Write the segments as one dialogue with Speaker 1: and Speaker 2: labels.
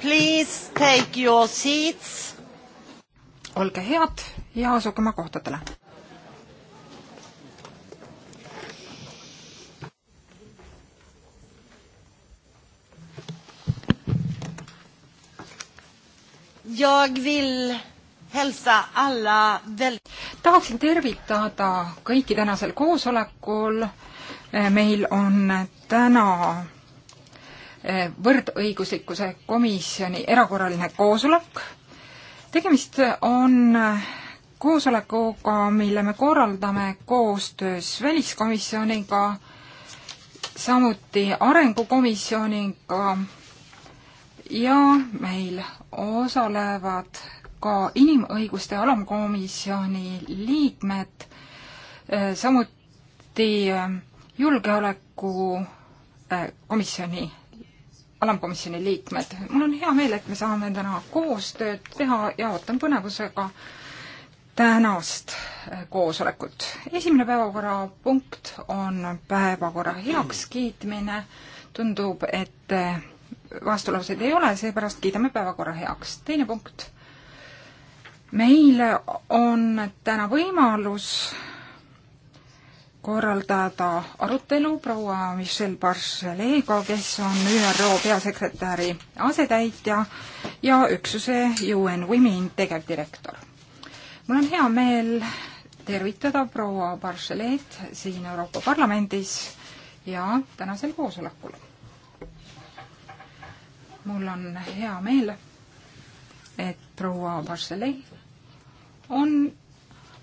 Speaker 1: Please take your seats. olge head ja asuge oma kohtadele. Jag vill hälsa alla väl-. tahaksin tervitada kõiki tänasel koosolekul. meil on täna võrdõiguslikkuse komisjoni erakorraline koosolek. tegemist on koosolekuga, mille me korraldame koostöös Väliskomisjoniga, samuti Arengukomisjoniga ja meil osalevad ka Inimõiguste Alamkomisjoni liikmed, samuti Julgeolekukomisjoni eh, alamkomisjoni liikmed. mul on hea meel, et me saame täna koostööd teha ja ootan põnevusega tänast äh, koosolekut. esimene päevakorrapunkt on päevakorra heakskiitmine. tundub, et äh, vastulauseid ei ole, seepärast kiidame päevakorra heaks. teine punkt. meil on täna võimalus korraldada arutelu proua Michelle Barchelet'ga, kes on ÜRO peasekretäri asetäitja ja üksuse UN Women tegevdirektor. mul on hea meel tervitada proua Barchelet siin Euroopa Parlamendis ja tänasel koosolekul. mul on hea meel, et proua Barchelet on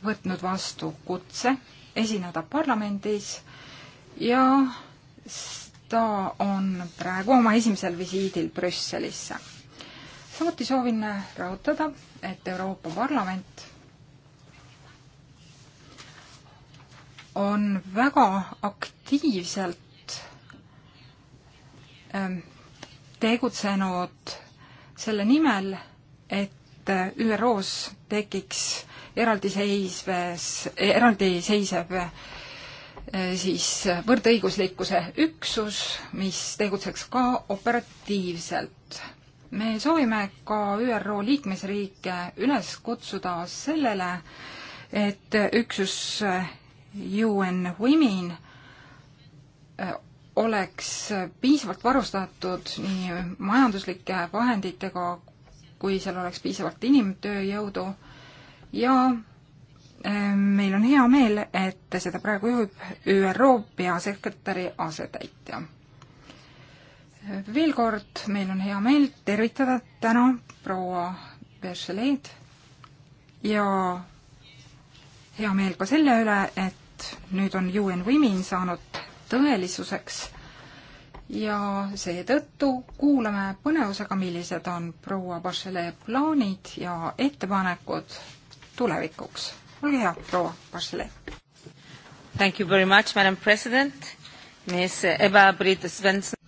Speaker 1: võtnud vastu kutse esineda parlamendis ja ta on praegu oma esimesel visiidil Brüsselisse. samuti soovin rõhutada, et Euroopa Parlament on väga aktiivselt ähm, tegutsenud selle nimel, et ÜRO-s tekiks eraldiseisves, eraldiseisev eh, siis võrdõiguslikkuse üksus, mis tegutseks ka operatiivselt. me soovime ka ÜRO liikmesriike üles kutsuda sellele, et üksus UN Women eh, oleks piisavalt varustatud nii majanduslike vahenditega, kui seal oleks piisavalt inimtööjõudu ja ähm, meil on hea meel, et seda praegu juhib ÜRO peasekretäri asetäitja. veel kord, meil on hea meel tervitada täna proua Bercheleid ja hea meel ka selle üle, et nüüd on UN Women saanud tõelisuseks ja seetõttu kuulame põnevusega, millised on proua Bachelet plaanid ja ettepanekud tulevikuks. olge hea, proua Bachelet. Thank you very much, madam president, miss Eba-Britt Svensson.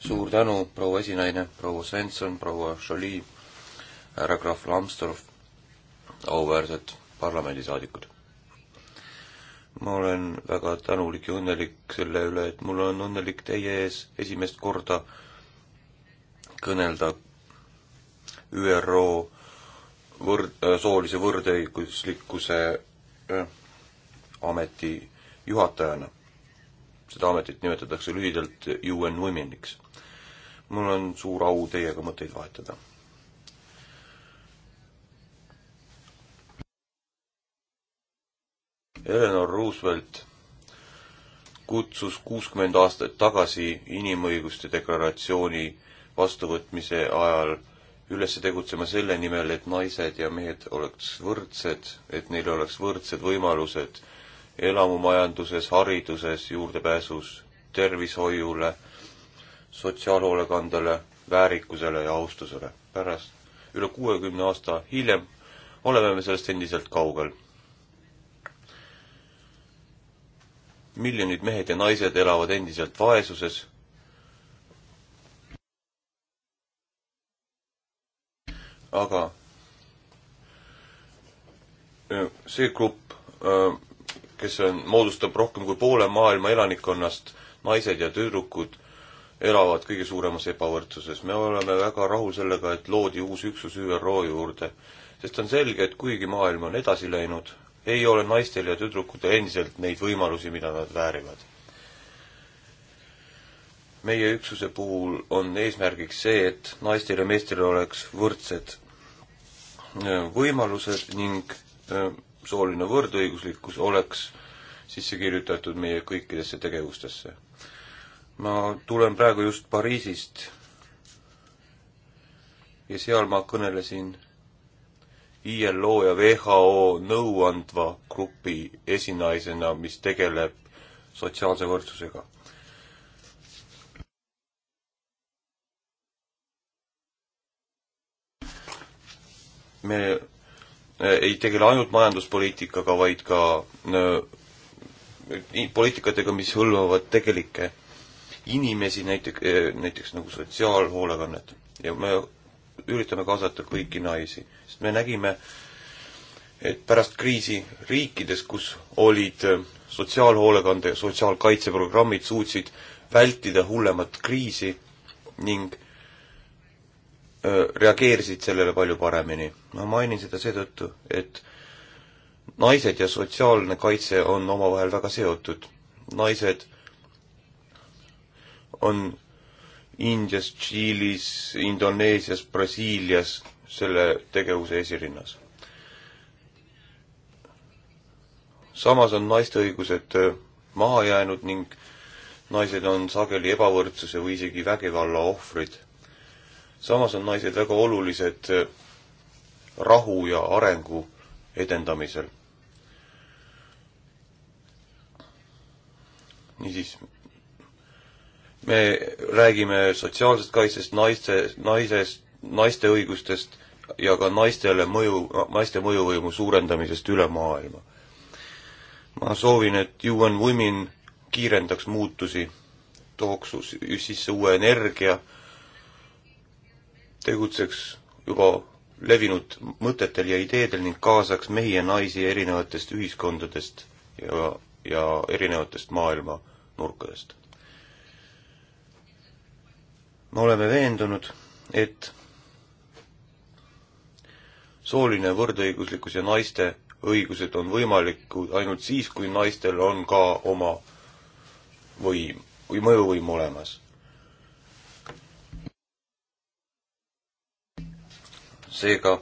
Speaker 2: suur tänu, proua esinaine, proua Svensson, proua Jolie, härra Graf Lambsdorff, auväärsed parlamendisaadikud ma olen väga tänulik ja õnnelik selle üle, et mul on õnnelik teie ees esimest korda kõnelda ÜRO võrd-, äh, soolise võrdõiguslikkuse äh, ameti juhatajana. seda ametit nimetatakse lühidalt UN Womeniks. mul on suur au teiega mõtteid vahetada. Eleanor Roosevelt kutsus kuuskümmend aastat tagasi inimõiguste deklaratsiooni vastuvõtmise ajal üles tegutsema selle nimel, et naised ja mehed oleks võrdsed, et neil oleks võrdsed võimalused elamumajanduses, hariduses, juurdepääsus tervishoiule, sotsiaalhoolekandele, väärikusele ja austusele. pärast, üle kuuekümne aasta hiljem, oleme me sellest endiselt kaugel. miljonid mehed ja naised elavad endiselt vaesuses aga see grupp, äh, kes on, moodustab rohkem kui poole maailma elanikkonnast, naised ja tüdrukud, elavad kõige suuremas ebavõrdsuses. me oleme väga rahul sellega, et loodi uus üksus ÜRO juurde, sest on selge, et kuigi maailm on edasi läinud, ei ole naistel ja tüdrukutel endiselt neid võimalusi, mida nad väärivad. meie üksuse puhul on eesmärgiks see, et naistel ja meestel oleks võrdsed Äh, võimalused ning äh, sooline võrdõiguslikkus oleks sisse kirjutatud meie kõikidesse tegevustesse. ma tulen praegu just Pariisist ja seal ma kõnelesin ILO ja WHO nõuandva grupi esinaisena, mis tegeleb sotsiaalse võrdsusega. me äh, ei tegele ainult majanduspoliitikaga, vaid ka äh, poliitikatega, mis hõlmavad tegelikke inimesi, näiteks, äh, näiteks nagu sotsiaalhoolekannet. ja me üritame kaasata kõiki naisi, sest me nägime, et pärast kriisi riikides, kus olid sotsiaalhoolekande ja sotsiaalkaitseprogrammid, suutsid vältida hullemat kriisi ning reageerisid sellele palju paremini. ma mainin seda seetõttu, et naised ja sotsiaalne kaitse on omavahel väga seotud. naised on Indias, Tšiilis, Indoneesias, Brasiilias selle tegevuse esirinnas. samas on naiste õigused maha jäänud ning naised on sageli ebavõrdsuse või isegi vägivalla ohvrid samas on naised väga olulised äh, rahu ja arengu edendamisel. niisiis, me räägime sotsiaalsest kaitsest, naiste, naisest, naiste õigustest ja ka naistele mõju, naiste mõjuvõimu suurendamisest üle maailma. ma soovin, et UN Women kiirendaks muutusi, tooks sisse uue energia tegutseks juba levinud mõtetel ja ideedel ning kaasaks mehi ja naisi erinevatest ühiskondadest ja, ja erinevatest maailma nurkadest. me oleme veendunud, et sooline võrdõiguslikkus ja naiste õigused on võimalikud ainult siis, kui naistel on ka oma võim, kui mõjuvõim olemas seega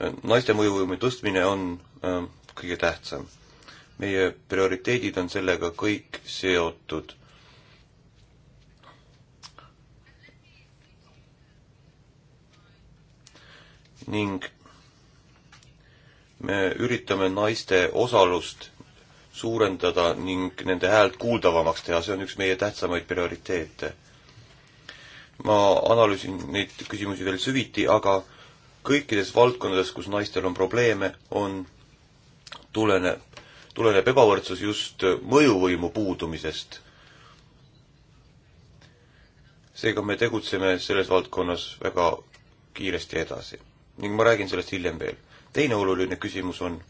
Speaker 2: äh, naiste mõjuvõime tõstmine on äh, kõige tähtsam. meie prioriteedid on sellega kõik seotud. ning me üritame naiste osalust suurendada ning nende häält kuuldavamaks teha, see on üks meie tähtsamaid prioriteete. ma analüüsin neid küsimusi veel süviti, aga kõikides valdkondades, kus naistel on probleeme, on, tuleneb, tuleneb ebavõrdsus just mõjuvõimu puudumisest. seega me tegutseme selles valdkonnas väga kiiresti edasi ning ma räägin sellest hiljem veel. teine oluline küsimus on,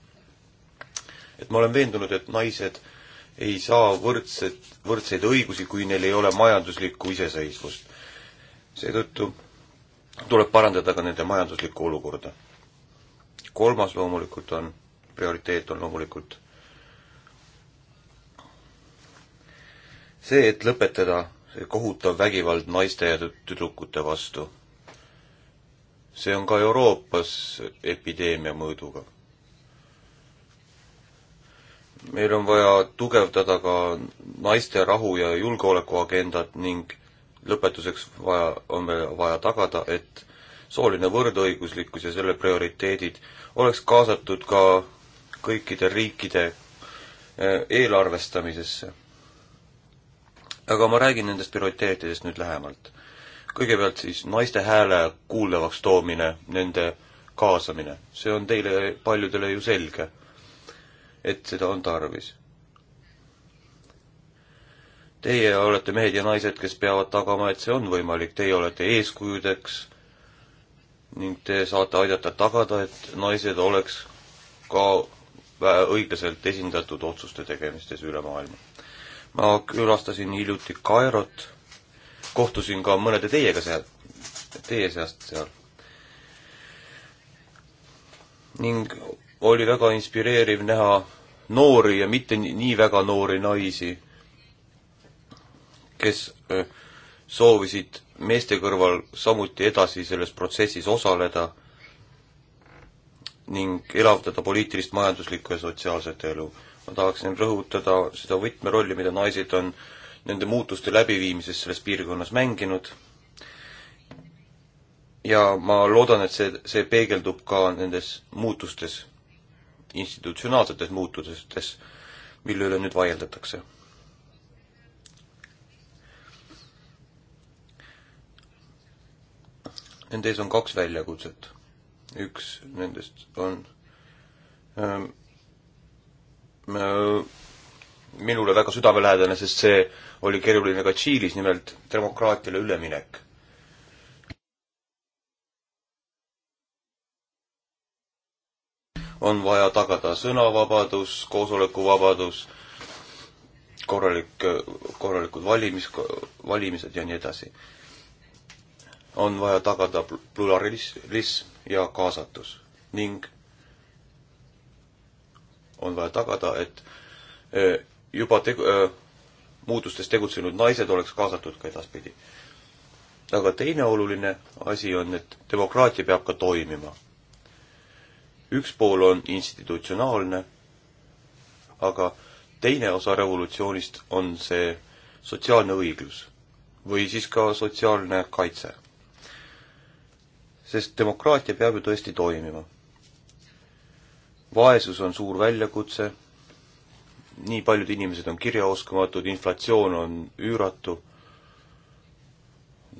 Speaker 2: et ma olen veendunud, et naised ei saa võrdset, võrdseid õigusi, kui neil ei ole majanduslikku iseseisvust. seetõttu tuleb parandada ka nende majanduslikku olukorda. kolmas loomulikult on, prioriteet on loomulikult see, et lõpetada see kohutav vägivald naiste ja tüdrukute vastu. see on ka Euroopas epideemia mõõduga. meil on vaja tugevdada ka naiste rahu ja julgeoleku agendat ning lõpetuseks vaja, on meil vaja tagada, et sooline võrdõiguslikkus ja selle prioriteedid oleks kaasatud ka kõikide riikide eh, eelarvestamisesse. aga ma räägin nendest prioriteetidest nüüd lähemalt. kõigepealt siis naiste hääle kuuldavaks toomine, nende kaasamine, see on teile paljudele ju selge, et seda on tarvis Teie olete mehed ja naised, kes peavad tagama, et see on võimalik, teie olete eeskujudeks ning te saate aidata tagada, et naised oleks ka õiglaselt esindatud otsuste tegemistes üle maailma. ma külastasin hiljuti Kairot, kohtusin ka mõnede teiega seal, teie seast seal. ning oli väga inspireeriv näha noori ja mitte nii väga noori naisi kes soovisid meeste kõrval samuti edasi selles protsessis osaleda ning elavdada poliitilist, majanduslikku ja sotsiaalset elu. ma tahaksin rõhutada seda võtmerolli, mida naised on nende muutuste läbiviimises selles piirkonnas mänginud ja ma loodan, et see, see peegeldub ka nendes muutustes, institutsionaalsetes muutustes, mille üle nüüd vaieldatakse nende ees on kaks väljakutset. üks nendest on ähm, äh, minule väga südamelähedane, sest see oli keeruline ka Tšiilis, nimelt demokraatiale üleminek. on vaja tagada sõnavabadus, koosolekuvabadus, korralik, äh, korralikud valimis, valimised ja nii edasi on vaja tagada pluralism ja kaasatus ning on vaja tagada, et eh, juba tegu-, eh, muutustes tegutsenud naised oleks kaasatud ka edaspidi. aga teine oluline asi on, et demokraatia peab ka toimima. üks pool on institutsionaalne, aga teine osa revolutsioonist on see sotsiaalne õiglus või siis ka sotsiaalne kaitse sest demokraatia peab ju tõesti toimima. vaesus on suur väljakutse, nii paljud inimesed on kirjaoskamatud, inflatsioon on üüratu,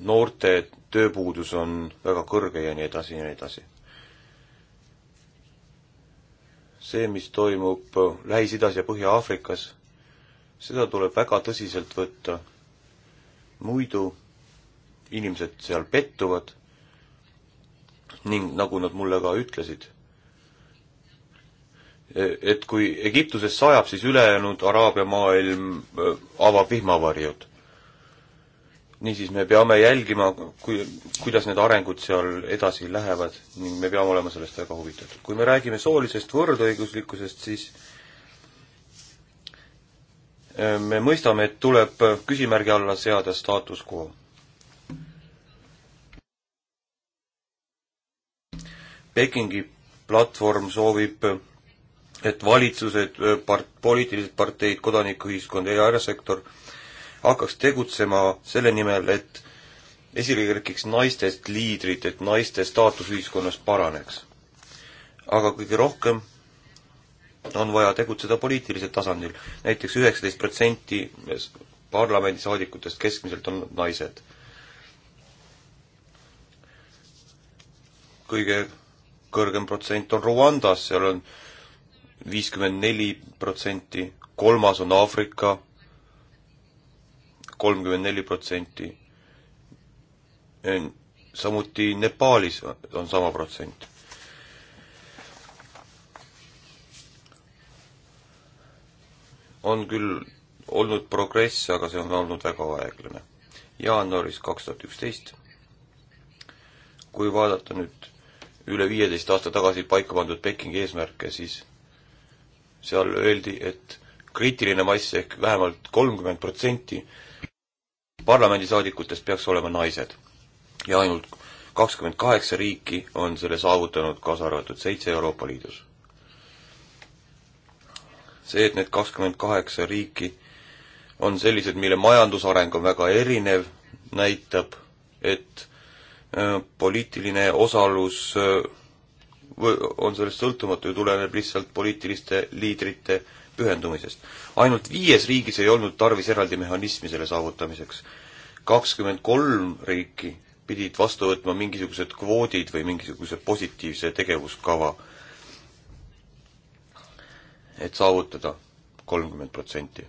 Speaker 2: noorte tööpuudus on väga kõrge ja nii edasi ja nii edasi. see, mis toimub Lähis-Idas ja Põhja-Aafrikas, seda tuleb väga tõsiselt võtta, muidu inimesed seal pettuvad ning nagu nad mulle ka ütlesid, et kui Egiptuses sajab, siis ülejäänud Araabia maailm avab vihmavarjud. niisiis, me peame jälgima, kui, kuidas need arengud seal edasi lähevad ning me peame olema sellest väga huvitatud. kui me räägime soolisest võrdõiguslikkusest, siis me mõistame, et tuleb küsimärgi alla seada staatus quo Pekingi platvorm soovib, et valitsused, part-, poliitilised parteid, kodanikuühiskond ja erasektor hakkaks tegutsema selle nimel, et esile kerkiks naistest liidrid, et naiste staatus ühiskonnas paraneks. aga kõige rohkem on vaja tegutseda poliitilisel tasandil näiteks. näiteks üheksateist protsenti parlamendisaadikutest keskmiselt on naised. kõige kõrgem protsent on Rwandas, seal on viiskümmend neli protsenti, kolmas on Aafrika, kolmkümmend neli protsenti. samuti Nepaalis on sama protsent on küll olnud progress, aga see on olnud väga aeglane. jaanuaris kaks tuhat üksteist, kui vaadata nüüd üle viieteist aasta tagasi paika pandud Pekingi eesmärke, siis seal öeldi, et kriitiline mass ehk vähemalt kolmkümmend protsenti parlamendisaadikutest peaks olema naised. ja ainult kakskümmend kaheksa riiki on selle saavutanud, kaasa arvatud seitse Euroopa Liidus. see, et need kakskümmend kaheksa riiki on sellised, mille majandusareng on väga erinev, näitab, et Äh, poliitiline osalus äh, on sellest sõltumatu ja tuleneb lihtsalt poliitiliste liidrite pühendumisest. ainult viies riigis ei olnud tarvis eraldi mehhanismi selle saavutamiseks. kakskümmend kolm riiki pidid vastu võtma mingisugused kvoodid või mingisuguse positiivse tegevuskava, et saavutada kolmkümmend protsenti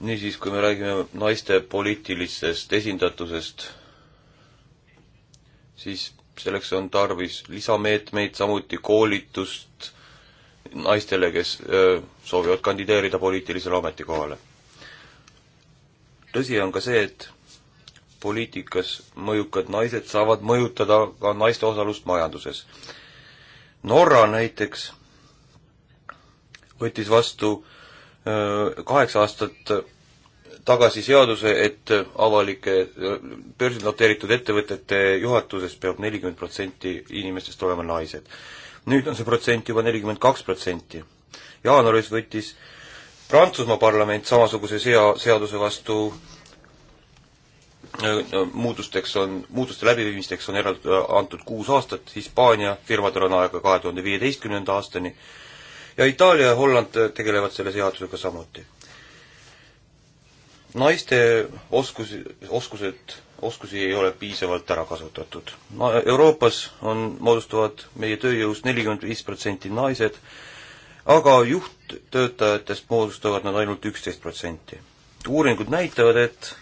Speaker 2: niisiis, kui me räägime naiste poliitilisest esindatusest, siis selleks on tarvis lisameetmeid, samuti koolitust naistele, kes öö, soovivad kandideerida poliitilisele ametikohale. tõsi on ka see, et poliitikas mõjukad naised saavad mõjutada ka naiste osalust majanduses. Norra näiteks võttis vastu Äh, kaheksa aastat tagasi seaduse, et avalike äh, börsil noteeritud ettevõtete juhatuses peab nelikümmend protsenti inimestest olema naised. nüüd on see protsent juba nelikümmend kaks protsenti. jaanuaris võttis Prantsusmaa parlament samasuguse sea-, seaduse vastu äh, muutusteks on, muutuste läbiviimisteks on eraldi antud kuus aastat, Hispaania firmadel on aega kahe tuhande viieteistkümnenda aastani ja Itaalia ja Holland äh, tegelevad selle seadusega samuti. naiste oskusi, oskused, oskusi ei ole piisavalt ära kasutatud. Euroopas on, moodustavad meie tööjõust nelikümmend viis protsenti naised, aga juhttöötajatest moodustavad nad ainult üksteist protsenti. uuringud näitavad, et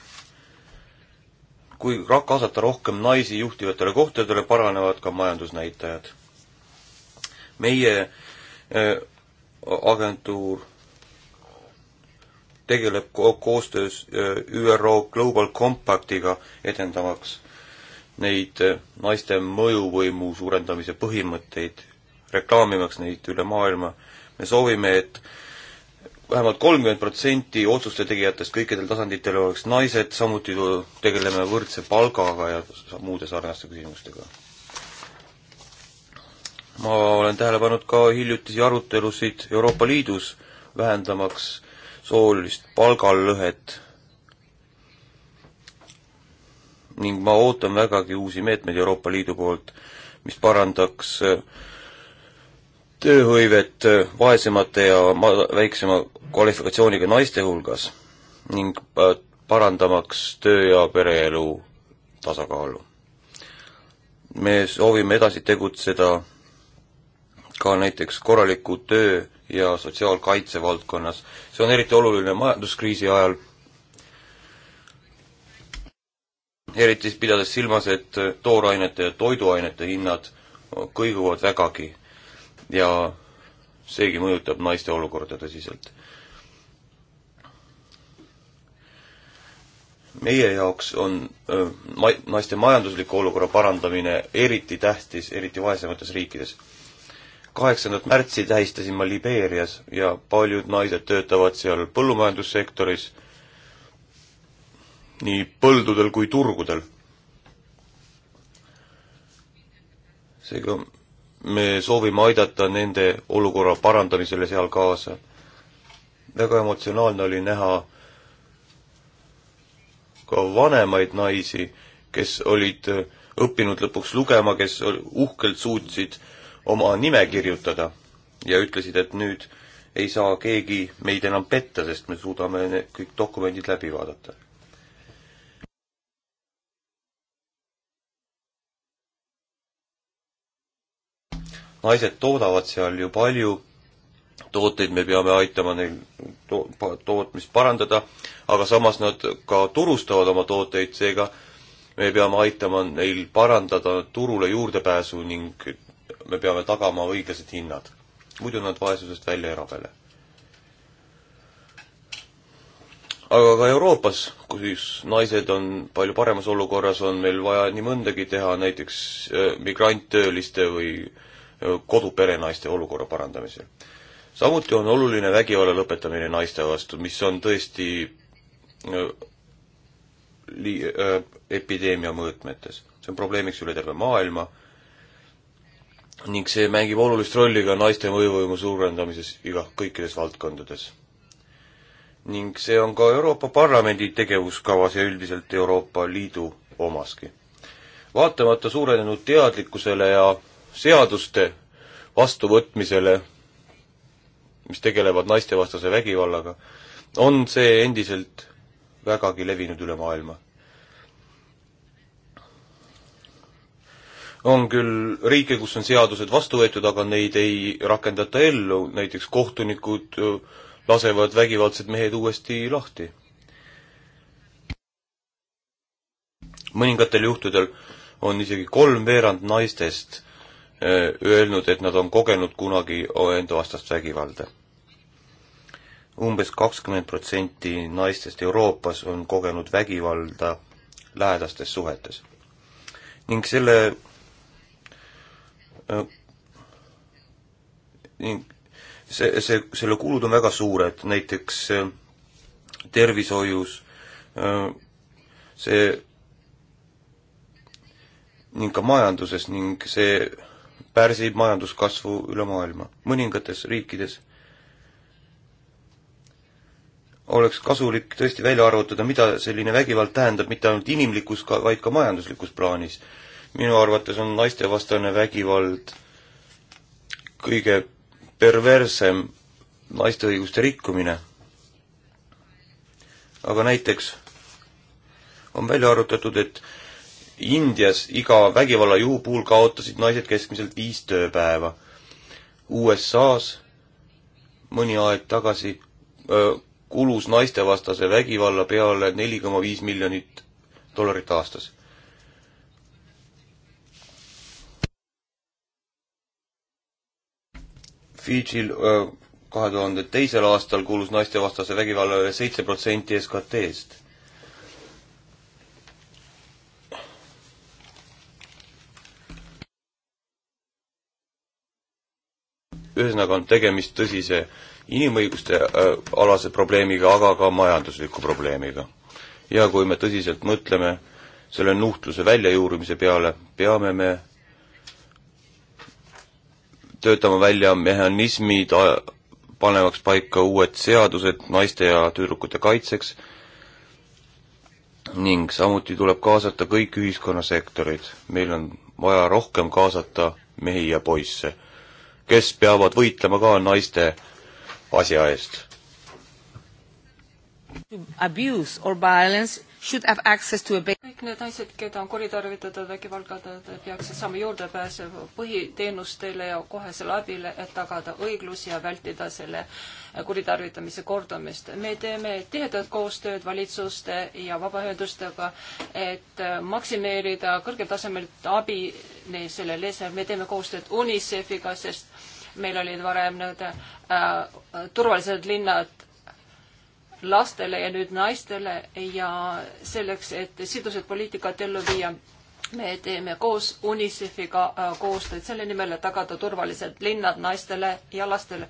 Speaker 2: kui kaasata rohkem naisi juhtivatele kohtadele, paranevad ka majandusnäitajad. meie äh, agentuur tegeleb ko koostöös ÜRO Global Compactiga, edendamaks neid naiste mõjuvõimu suurendamise põhimõtteid, reklaamimaks neid üle maailma. me soovime, et vähemalt kolmkümmend protsenti otsuste tegijatest kõikidel tasanditel oleks naised, samuti tegeleme võrdse palgaga ja muude sarnaste küsimustega ma olen tähele pannud ka hiljutisi arutelusid Euroopa Liidus, vähendamaks soolist palgalõhet. ning ma ootan vägagi uusi meetmeid Euroopa Liidu poolt, mis parandaks äh, tööhõivet äh, vaesemate ja ma-, väiksema kvalifikatsiooniga naiste hulgas ning äh, parandamaks töö- ja pereelu tasakaalu. me soovime edasi tegutseda ka näiteks korraliku töö ja sotsiaalkaitse valdkonnas. see on eriti oluline majanduskriisi ajal, eriti pidades silmas, et toorainete ja toiduainete hinnad kõiguvad vägagi ja seegi mõjutab naiste olukorda tõsiselt. meie jaoks on ma-, naiste majandusliku olukorra parandamine eriti tähtis, eriti vaesemates riikides kaheksandat märtsi tähistasin ma Libeerias ja paljud naised töötavad seal põllumajandussektoris, nii põldudel kui turgudel. seega me soovime aidata nende olukorra parandamisele seal kaasa. väga emotsionaalne oli näha ka vanemaid naisi, kes olid õppinud lõpuks lugema, kes uhkelt suutsid äh, oma nime kirjutada ja ütlesid, et nüüd ei saa keegi meid enam petta, sest me suudame kõik dokumendid läbi vaadata. naised toodavad seal ju palju tooteid, me peame aitama neil to tootmist parandada, aga samas nad ka turustavad oma tooteid, seega me peame aitama neil parandada turule juurdepääsu ning me peame tagama õiglased hinnad. muidu nad vaesusest välja ei rabele. aga ka Euroopas, kus naised on palju paremas olukorras, on meil vaja nii mõndagi teha, näiteks äh, migranttööliste või äh, koduperenaiste olukorra parandamisel. samuti on oluline vägivalla lõpetamine naiste vastu, mis on tõesti äh, li-, epideemia mõõtmetes. see on probleemiks üle terve maailma ning see mängib olulist rolli ka naiste mõjuvõimu suurendamises iga, kõikides valdkondades. ning see on ka Euroopa Parlamendi tegevuskavas ja üldiselt Euroopa Liidu omaski. vaatamata suurenenud teadlikkusele ja seaduste vastuvõtmisele, mis tegelevad naistevastase vägivallaga, on see endiselt vägagi levinud üle maailma on küll riike, kus on seadused vastu võetud, aga neid ei rakendata ellu, näiteks kohtunikud lasevad vägivaldsed mehed uuesti lahti. mõningatel juhtudel on isegi kolmveerand naistest öelnud, et nad on kogenud kunagi enda vastast vägivalda. umbes kakskümmend protsenti naistest Euroopas on kogenud vägivalda lähedastes suhetes. ning selle Äh, ning see, see, selle kulud on väga suured, näiteks äh, tervishoius äh, see ning ka majanduses ning see pärsib majanduskasvu üle maailma. mõningates riikides oleks kasulik tõesti välja arvutada, mida selline vägivald tähendab mitte ainult inimlikus, vaid ka majanduslikus plaanis minu arvates on naistevastane vägivald kõige perverssem naiste õiguste rikkumine. aga näiteks on välja arvutatud, et Indias iga vägivallajuhu puhul kaotasid naised keskmiselt viis tööpäeva. USA-s mõni aeg tagasi öö, kulus naistevastase vägivalla peale neli koma viis miljonit dollarit aastas. Fidžil kahe tuhande teisel aastal kuulus naistevastase vägivalla üle seitse protsenti SKT-st. ühesõnaga on tegemist tõsise inimõiguste äh, alase probleemiga, aga ka majandusliku probleemiga. ja kui me tõsiselt mõtleme selle nuhtluse väljajuurimise peale, peame me töötama välja mehhanismid, panemaks paika uued seadused naiste ja tüdrukute kaitseks ning samuti tuleb kaasata kõik ühiskonnasektorid. meil on vaja rohkem kaasata mehi ja poisse, kes peavad võitlema ka naiste asja eest.
Speaker 3: Abuse or
Speaker 1: violence should have access to a kõik
Speaker 3: need naised, keda on kuritarvitatud, vägivaldatud, peaksid saama juurdepääsu põhiteenustele ja kohesele abile, et tagada õiglus ja vältida selle kuritarvitamise kordumist. me teeme tihedat koostööd valitsuste ja vabaühendustega, et maksimeerida kõrgel tasemel abi neil sellele eesmärgil. me teeme koostööd UNICEF-iga, sest meil olid varem need äh, turvalised linnad lastele ja nüüd naistele ja selleks, et sidusat poliitikat ellu viia, me teeme koos UNICEF-iga äh, koostööd selle nimel, et tagada turvalised linnad naistele ja lastele.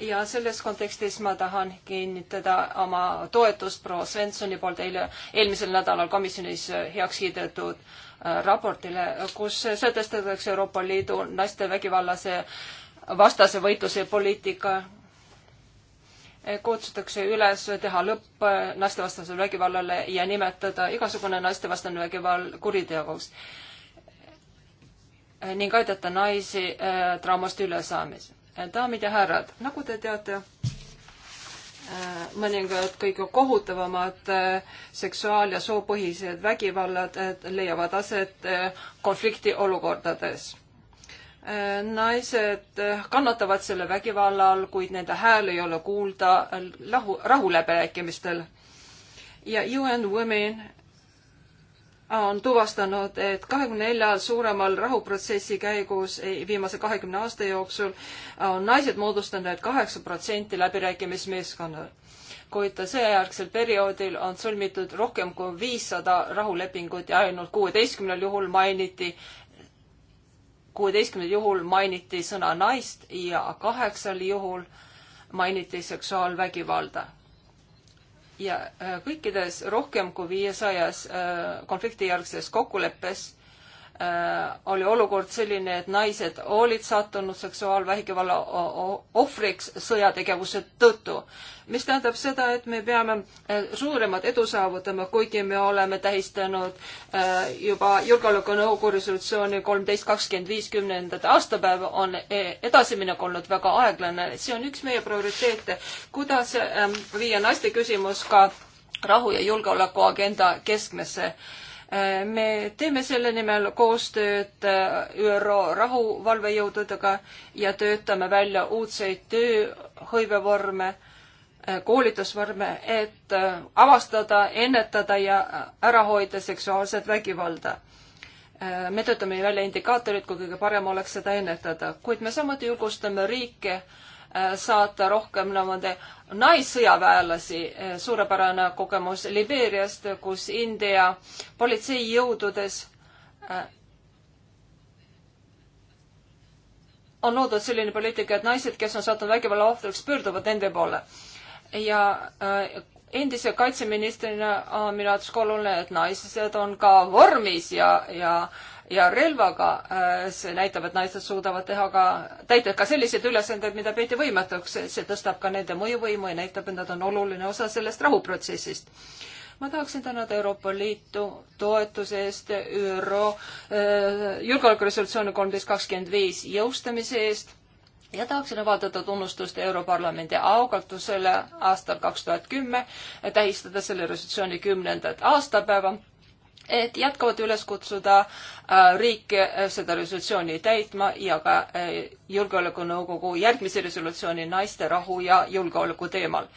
Speaker 3: ja selles kontekstis ma tahan kinnitada oma toetust proua Svensoni poolt eile, eelmisel nädalal komisjonis äh, heaks kiidetud äh, raportile, kus sätestatakse Euroopa Liidu naiste vägivallase vastase võitluse poliitika Eh, kutsutakse üles teha lõpp eh, naistevastasele vägivallale ja nimetada igasugune naistevastane vägivald kuriteoks eh, ning aidata naisi äh, traumast ülesaamis. daamid ja härrad, nagu te teate äh,, mõningad kõige kohutavamad äh, seksuaal- ja soopõhised vägivallad leiavad aset konfliktiolukordades naised kannatavad selle vägivalla all, kuid nende hääl ei ole kuulda lahu, rahuläbirääkimistel. ja UN Women on tuvastanud, et kahekümne neljal suuremal rahuprotsessi käigus viimase kahekümne aasta jooksul on naised moodustanud kaheksa protsenti läbirääkimismeeskonnal. kuid sõjajärgsel perioodil on sõlmitud rohkem kui viissada rahulepingut ja ainult kuueteistkümnel juhul mainiti kuueteistkümnel juhul mainiti sõna naist ja kaheksal juhul mainiti seksuaalvägivalda. ja äh, kõikides rohkem kui viiesajas äh, konfliktijärgses kokkuleppes Äh, oli olukord selline, et naised olid sattunud seksuaalvägivalla ohvriks sõjategevuse tõttu. mis tähendab seda, et me peame äh, suuremat edu saavutama, kuigi me oleme tähistanud äh, juba Julgeolekunõukogu resolutsiooni kolmteist kakskümmend viiskümnendat aastapäeva, on e, edasiminek olnud väga aeglane. see on üks meie prioriteete, kuidas ähm, viia naiste küsimus ka rahu ja julgeoleku agenda keskmesse me teeme selle nimel koostööd äh, ÜRO rahuvalvejõududega ja töötame välja uudseid tööhõivevorme, äh, koolitusvorme, et äh, avastada, ennetada ja ära hoida seksuaalset vägivalda me töötame välja indikaatorid, kui kõige parem oleks seda ennetada, kuid me samuti julgustame riike Äh, saata rohkem nende naissõjaväelasi, äh, suurepärane kogemus Libeeriast, kus India politseijõududes äh, on loodud selline poliitika, et naised, kes on sattunud vägivalla ohvriks, pöörduvad nende poole. ja endise kaitseministrina on minu arvates ka oluline, et naised on ka vormis ja, ja äh, ja relvaga. Äh, see näitab, et naised suudavad teha ka, täita ka selliseid ülesandeid, mida peeti võimatuks. see tõstab ka nende mõjuvõimu ja näitab, et nad on oluline osa sellest rahuprotsessist. ma tahaksin tänada Euroopa Liitu toetuse eest ÜRO äh, julgeolekuresolutsiooni kolmteist kakskümmend viis jõustamise eest ja tahaksin avaldada tunnustust Europarlamendi aukaltusele aastal kaks tuhat kümme, tähistada selle resolutsiooni kümnendat aastapäeva et jätkavad üles kutsuda äh, riike äh, seda resolutsiooni täitma ja ka äh, Julgeolekunõukogu järgmise resolutsiooni naiste rahu ja julgeoleku teemal.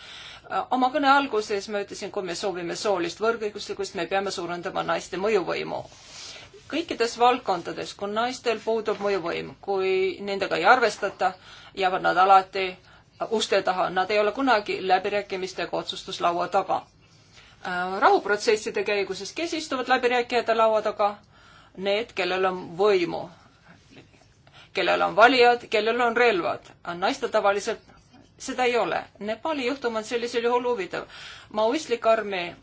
Speaker 3: oma kõne alguses ma ütlesin, kui me soovime soolist võrdõiguslikkust, me peame suurendama naiste mõjuvõimu kõikides valdkondades, kui naistel puudub mõjuvõim, kui nendega ei arvestata, jäävad nad alati uste taha, nad ei ole kunagi läbirääkimistega otsustuslaua taga Äh, rahuprotsesside käigus, sest kes istuvad läbirääkijate laua taga? Need, kellel on võimu, kellel on valijad, kellel on relvad. naistel tavaliselt seda ei ole. Nepali juhtum on sellisel juhul huvitav. maoistlik armee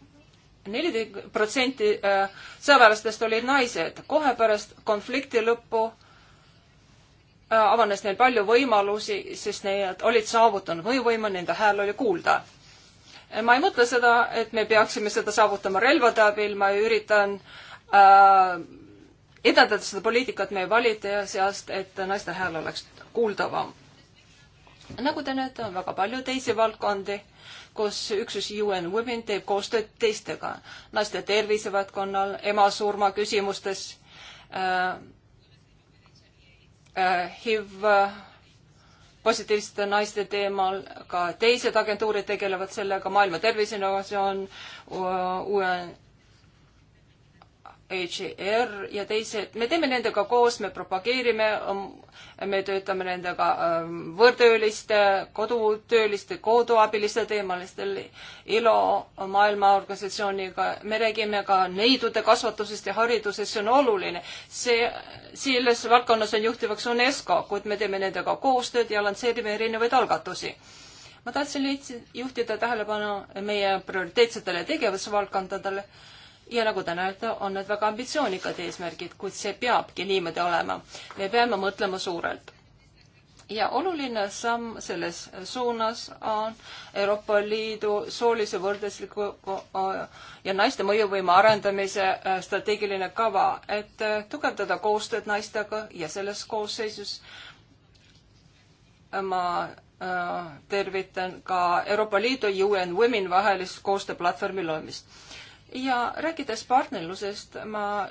Speaker 3: neli protsenti äh, sõjaväelastest olid naised. kohe pärast konflikti lõppu äh, avanes neil palju võimalusi, sest need olid saavutanud mõjuvõimu, nende hääl oli kuulda ma ei mõtle seda, et me peaksime seda saavutama relvade abil, ma üritan äh, edendada seda poliitikat meie valijate seast, et naiste hääl oleks kuuldavam. nagu te näete, on väga palju teisi valdkondi, kus üksus UN Women teeb koostööd teistega. naiste tervise valdkonnal, ema surma küsimustes äh,, äh, HIV äh, positiivsete naiste teemal, ka teised agentuurid tegelevad sellega, Maailma Terviseorganisatsioon, HR ja teised, me teeme nendega koos, me propageerime, um, me töötame nendega um, võõrtööliste, kodutööliste, koduabiliste teemalistel, ILO maailmaorganisatsiooniga, me räägime ka neidude kasvatusest ja haridusest, see on oluline. see, selles valdkonnas on juhtivaks UNESCO, kuid me teeme nendega koostööd ja lansseerime erinevaid algatusi ma tahtsin lihtsalt juhtida tähelepanu meie prioriteetsetele tegevusvaldkondadele ja nagu te näete, on need väga ambitsioonikad eesmärgid, kuid see peabki niimoodi olema. me peame mõtlema suurelt. ja oluline samm selles suunas on Euroopa Liidu soolise võrdlusliku ja naiste mõjuvõime arendamise äh, strateegiline kava, et äh, tugevdada koostööd naistega ja selles koosseisus ma äh, tervitan ka Euroopa Liidu UN Women vahelist koostööplatvormi loomist ja rääkides partnerlusest, ma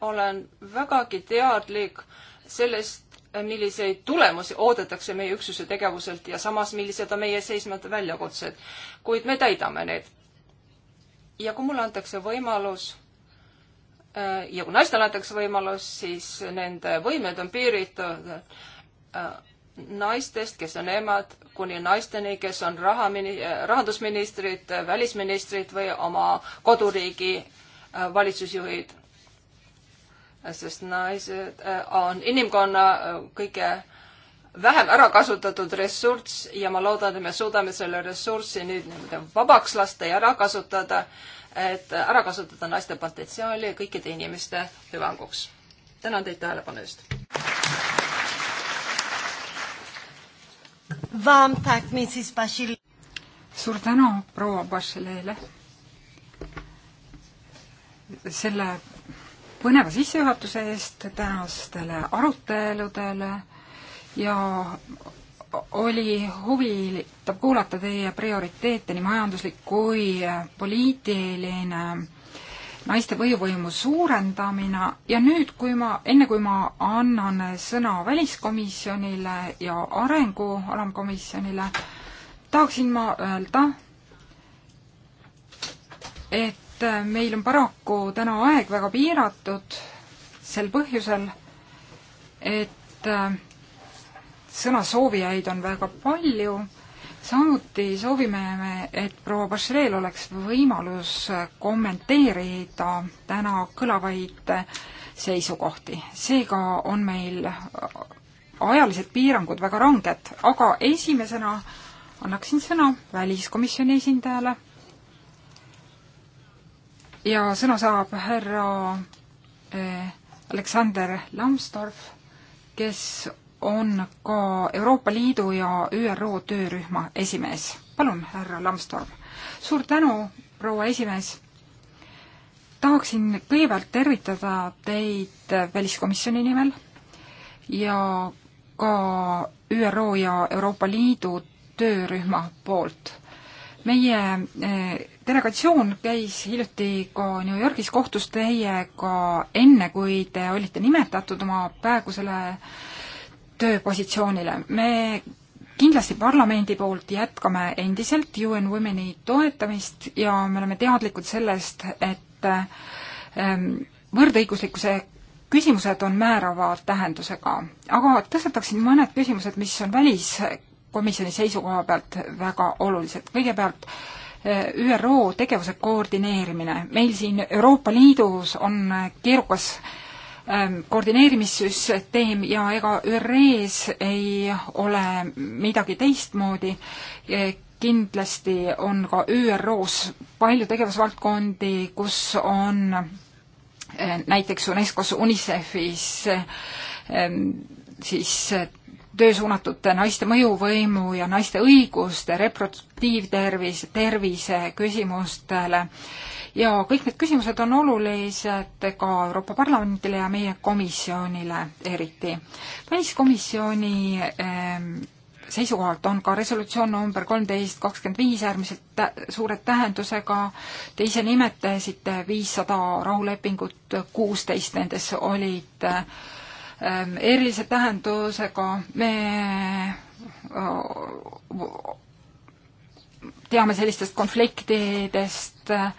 Speaker 3: olen vägagi teadlik sellest, milliseid tulemusi oodatakse meie üksuse tegevuselt ja samas, millised on meie seisvad väljakutsed. kuid me täidame need. ja kui mulle antakse võimalus äh, ja kui naistele antakse võimalus, siis nende võimed on piiritud äh, naistest, kes on emad kuni naisteni, kes on rahamini-, rahandusministrid, välisministrid või oma koduriigi äh, valitsusjuhid. sest naised äh, on inimkonna äh, kõige vähem ära kasutatud ressurss ja ma loodan, et me suudame selle ressurssi nüüd vabaks lasta ja ära kasutada, et ära kasutada naiste potentsiaali kõikide inimeste hüvanguks. tänan teid tähelepanu eest!
Speaker 1: suur tänu proua Bachelet'le selle põneva sissejuhatuse eest tänastele aruteludele ja oli huvitav kuulata teie prioriteete, nii majanduslik kui poliitiline naiste võjuvõimu suurendamine ja nüüd, kui ma, enne kui ma annan sõna väliskomisjonile ja arengu alamkomisjonile, tahaksin ma öelda, et meil on paraku täna aeg väga piiratud sel põhjusel, et sõnasoovijaid on väga palju samuti soovime me, et proua Bachelel oleks võimalus kommenteerida täna kõlavaid seisukohti. seega on meil ajalised piirangud väga ranged, aga esimesena annaksin sõna väliskomisjoni esindajale. ja sõna saab härra eh, Aleksander Lambsdorff, kes on ka Euroopa Liidu ja ÜRO töörühma esimees. palun, härra Lambstorm. suur tänu, proua esimees. tahaksin kõigepealt tervitada teid väliskomisjoni nimel ja ka ÜRO ja Euroopa Liidu töörühma poolt. meie eh, delegatsioon käis hiljuti ka New Yorgis, kohtus teiega enne, kui te olite nimetatud oma praegusele äh, tööpositsioonile. me kindlasti parlamendi poolt jätkame endiselt UN Womeni toetamist ja me oleme teadlikud sellest, et ähm, võrdõiguslikkuse küsimused on määrava tähendusega, aga tõstataksin mõned küsimused, mis on väliskomisjoni seisukoha pealt väga olulised. kõigepealt äh, ÜRO tegevuse koordineerimine. meil siin Euroopa Liidus on keerukas äh, Ähm, koordineerimissüsteem ja ega ÜRE-s ei ole midagi teistmoodi. E, kindlasti on ka ÜRO-s palju tegevusvaldkondi, kus on e, näiteks UNESCO-s, UNICEF-is e, siis töö suunatud naiste mõjuvõimu ja naiste õiguste, reproduktiivtervise, tervise küsimustele äh, ja kõik need küsimused on olulised ka Euroopa Parlamendile ja meie komisjonile eriti. väliskomisjoni ehm, seisukohalt on ka resolutsioon number kolmteist kakskümmend viis äärmiselt tä suure tähendusega, te ise nimetasite viissada rahulepingut, kuusteist nendest olid ähm, erilise tähendusega, me äh, teame sellistest konfliktidest äh,,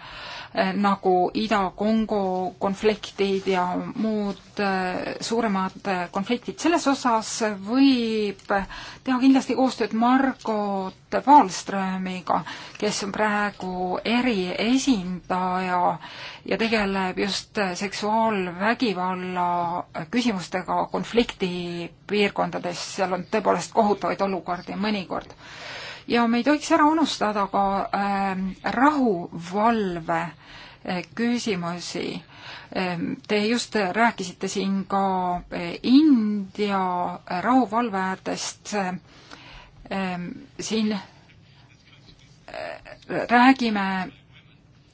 Speaker 1: Äh, nagu Ida-Kongo konfliktid ja muud äh, suuremad äh, konfliktid. selles osas võib teha kindlasti koostööd Margot Wallströmiga, kes on praegu eriesindaja ja tegeleb just seksuaalvägivalla küsimustega konfliktipiirkondades, seal on tõepoolest kohutavaid olukordi mõnikord ja me ei tohiks ära unustada ka ähm, äh, rahuvalve küsimusi. Ähm, te just rääkisite siin ka äh, India rahuvalvajatest ähm, siin äh, räägime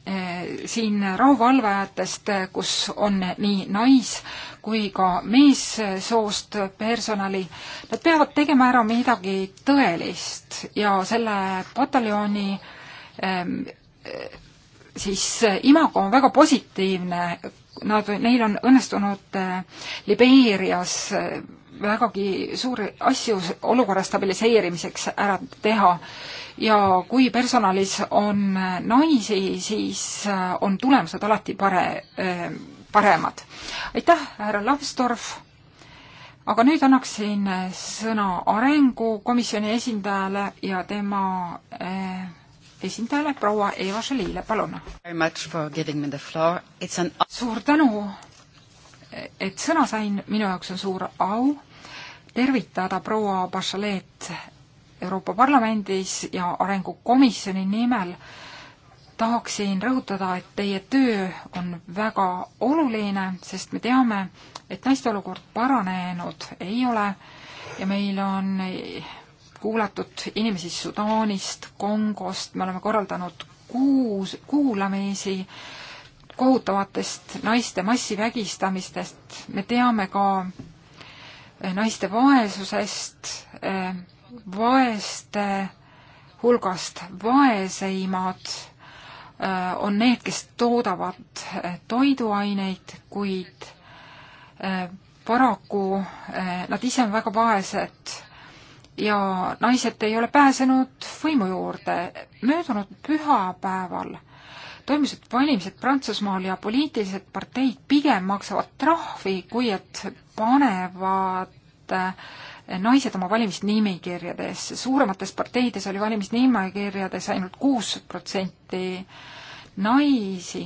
Speaker 1: Eh, siin rahuvalvajatest, kus on nii nais- kui ka meessoost personali. Nad peavad tegema ära midagi tõelist ja selle pataljoni ehm, siis imago on väga positiivne, nad, neil on õnnestunud eh, Libeerias eh, vägagi suuri asju olukorra stabiliseerimiseks ära teha. ja kui personalis on naisi, siis äh, on tulemused alati pare-, äh, paremad. aitäh, härra Lavstorf, aga nüüd annaksin äh, sõna Arengukomisjoni esindajale ja tema esindajale, proua Eva Želile, palun. suur tänu et sõna sain, minu jaoks on suur au tervitada proua Bachelet Euroopa Parlamendis ja Arengukomisjoni nimel tahaksin rõhutada, et teie töö on väga oluline, sest me teame, et naiste olukord paranenud ei ole ja meil on kuulatud inimesi Sudaanist, Kongost, me oleme korraldanud kuus kuulamisi kohutavatest naiste massivägistamistest, me teame ka Eh, naiste vaesusest, eh, vaeste hulgast vaeseimad eh, on need, kes toodavad toiduaineid, kuid paraku nad ise on väga vaesed ja naised ei ole pääsenud võimu juurde. möödunud pühapäeval toimusid valimised Prantsusmaal ja poliitilised parteid pigem maksavad trahvi, kui et panevad naised oma valimisnimekirjades, suuremates parteides oli valimisnimekirjades ainult kuus protsenti naisi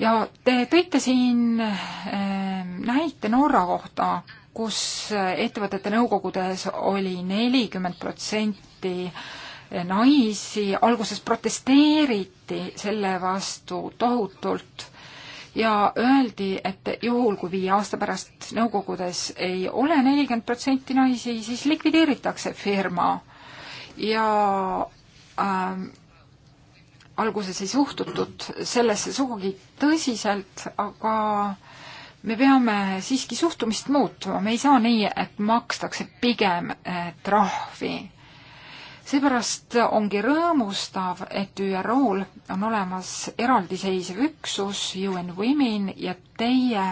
Speaker 1: ja te tõite siin ehm, näite Norra kohta, kus ettevõtete nõukogudes oli nelikümmend protsenti naisi, alguses protesteeriti selle vastu tohutult ja öeldi, et juhul, kui viie aasta pärast nõukogudes ei ole nelikümmend protsenti naisi, siis likvideeritakse firma. ja ähm, alguses ei suhtutud sellesse sugugi tõsiselt, aga me peame siiski suhtumist muutma, me ei saa nii, et makstakse pigem äh, trahvi äh, seepärast ongi rõõmustav, et ÜRO-l on olemas eraldiseisev üksus UN Women ja teie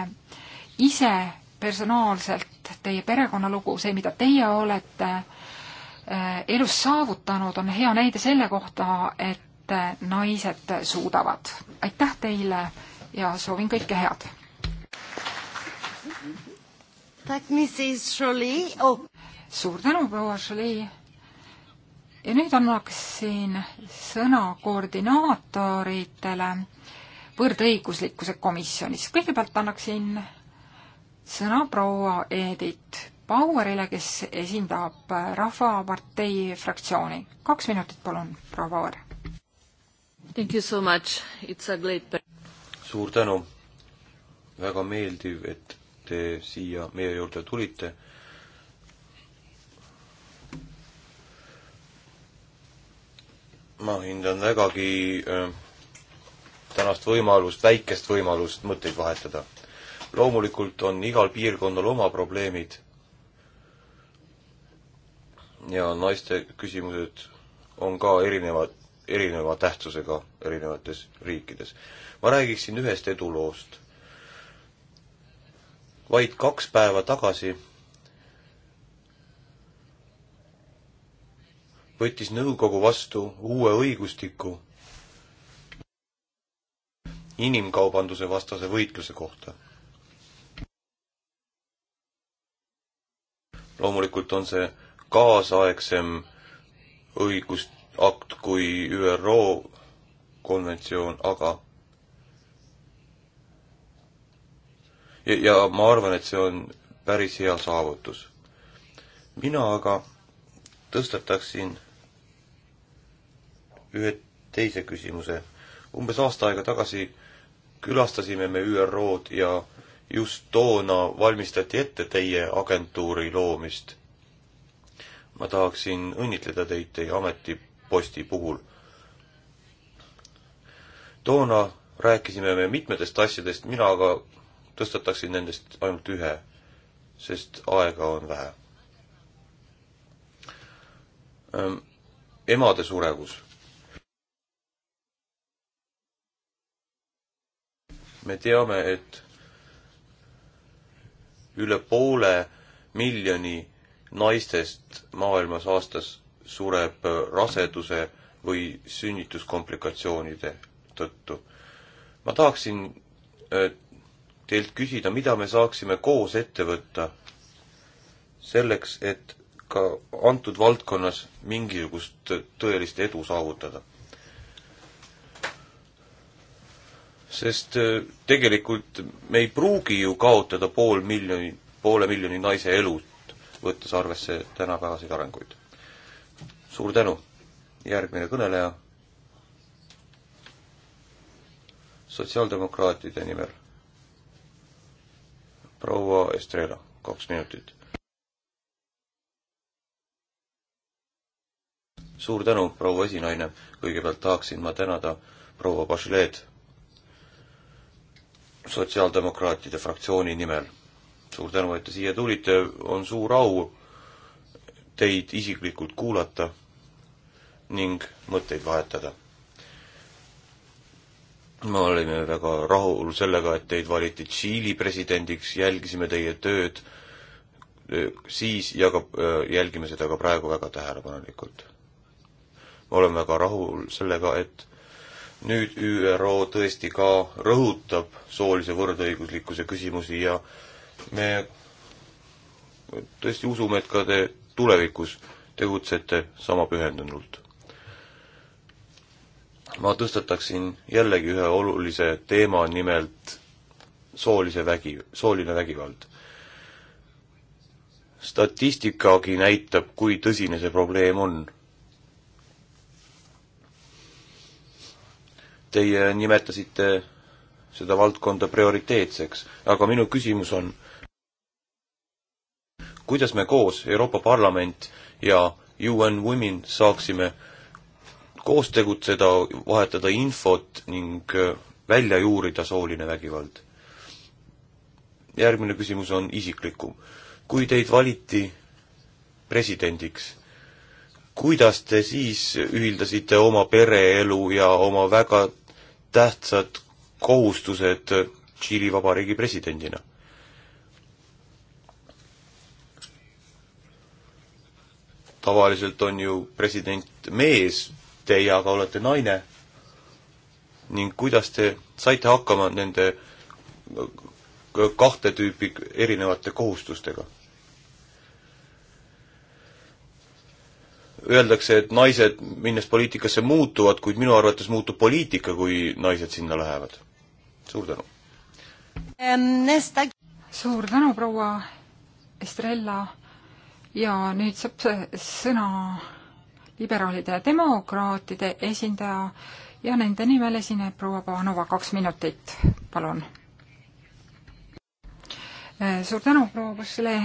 Speaker 1: ise personaalselt, teie perekonnalugu, see, mida teie olete eh, elus saavutanud, on hea näide selle kohta, et eh, naised suudavad. aitäh teile ja soovin kõike head! Oh. suur tänu, proua Jolie! ja nüüd annaksin sõna koordinaatoritele võrdõiguslikkuse komisjonis. kõigepealt annaksin sõna proua Edith Bauerile, kes esindab Rahvapartei fraktsiooni. kaks minutit, palun, proua Bauer. Thank you so much, it's a great
Speaker 2: suur tänu, väga meeldiv, et te siia meie juurde tulite ma hindan vägagi äh, tänast võimalust, väikest võimalust mõtteid vahetada. loomulikult on igal piirkonnal oma probleemid ja naiste küsimused on ka erinevad, erineva tähtsusega erinevates riikides. ma räägiksin ühest eduloost. vaid kaks päeva tagasi võttis nõukogu vastu uue õigustiku inimkaubanduse vastase võitluse kohta. loomulikult on see kaasaegsem õigusakt kui ÜRO konventsioon, aga ja, ja ma arvan, et see on päris hea saavutus. mina aga tõstataksin ühe teise küsimuse. umbes aasta aega tagasi külastasime me ÜRO-d ja just toona valmistati ette teie agentuuri loomist. ma tahaksin õnnitleda teid teie ametiposti puhul. toona rääkisime me mitmetest asjadest, mina aga tõstataksin nendest ainult ühe, sest aega on vähe. emade surevus me teame, et üle poole miljoni naistest maailmas aastas sureb raseduse või sünnituskomplikatsioonide tõttu. ma tahaksin äh, teilt küsida, mida me saaksime koos ette võtta selleks, et ka antud valdkonnas mingisugust tõelist edu saavutada? sest äh, tegelikult me ei pruugi ju kaotada pool miljoni, poole miljoni naise elut, võttes arvesse tänapäevaseid arenguid. suur tänu, järgmine kõneleja. sotsiaaldemokraatide nimel. proua Estrela, kaks minutit. suur tänu, proua esinaine, kõigepealt tahaksin ma tänada proua Bachelet sotsiaaldemokraatide fraktsiooni nimel. suur tänu, et te siia tulite, on suur au teid isiklikult kuulata ning mõtteid vahetada. me olime väga rahul sellega, et teid valiti Tšiili presidendiks, jälgisime teie tööd siis ja ka jälgime seda ka praegu väga tähelepanelikult. ma olen väga rahul sellega, et nüüd ÜRO tõesti ka rõhutab soolise võrdõiguslikkuse küsimusi ja me tõesti usume, et ka te tulevikus tegutsete sama pühendunult. ma tõstataksin jällegi ühe olulise teema, nimelt soolise vägi, sooline vägivald. statistikagi näitab, kui tõsine see probleem on Teie nimetasite seda valdkonda prioriteetseks, aga minu küsimus on, kuidas me koos, Euroopa Parlament ja UN Women saaksime koos tegutseda, vahetada infot ning äh, välja juurida sooline vägivald? järgmine küsimus on isiklikum. kui teid valiti presidendiks, kuidas te siis ühildasite oma pereelu ja oma väga tähtsad kohustused Tšiili Vabariigi presidendina. tavaliselt on ju president mees, teie aga olete naine ning kuidas te saite hakkama nende kahte tüüpi erinevate kohustustega? öeldakse, et naised, minnes poliitikasse, muutuvad, kuid minu arvates muutub poliitika, kui naised sinna lähevad. suur tänu
Speaker 1: ähm,! suur tänu, proua Estrella ja nüüd saab sõna liberaalide ja demokraatide esindaja ja nende nimel esineb proua Paanova, kaks minutit, palun. Äh, suur tänu, proua Pussile.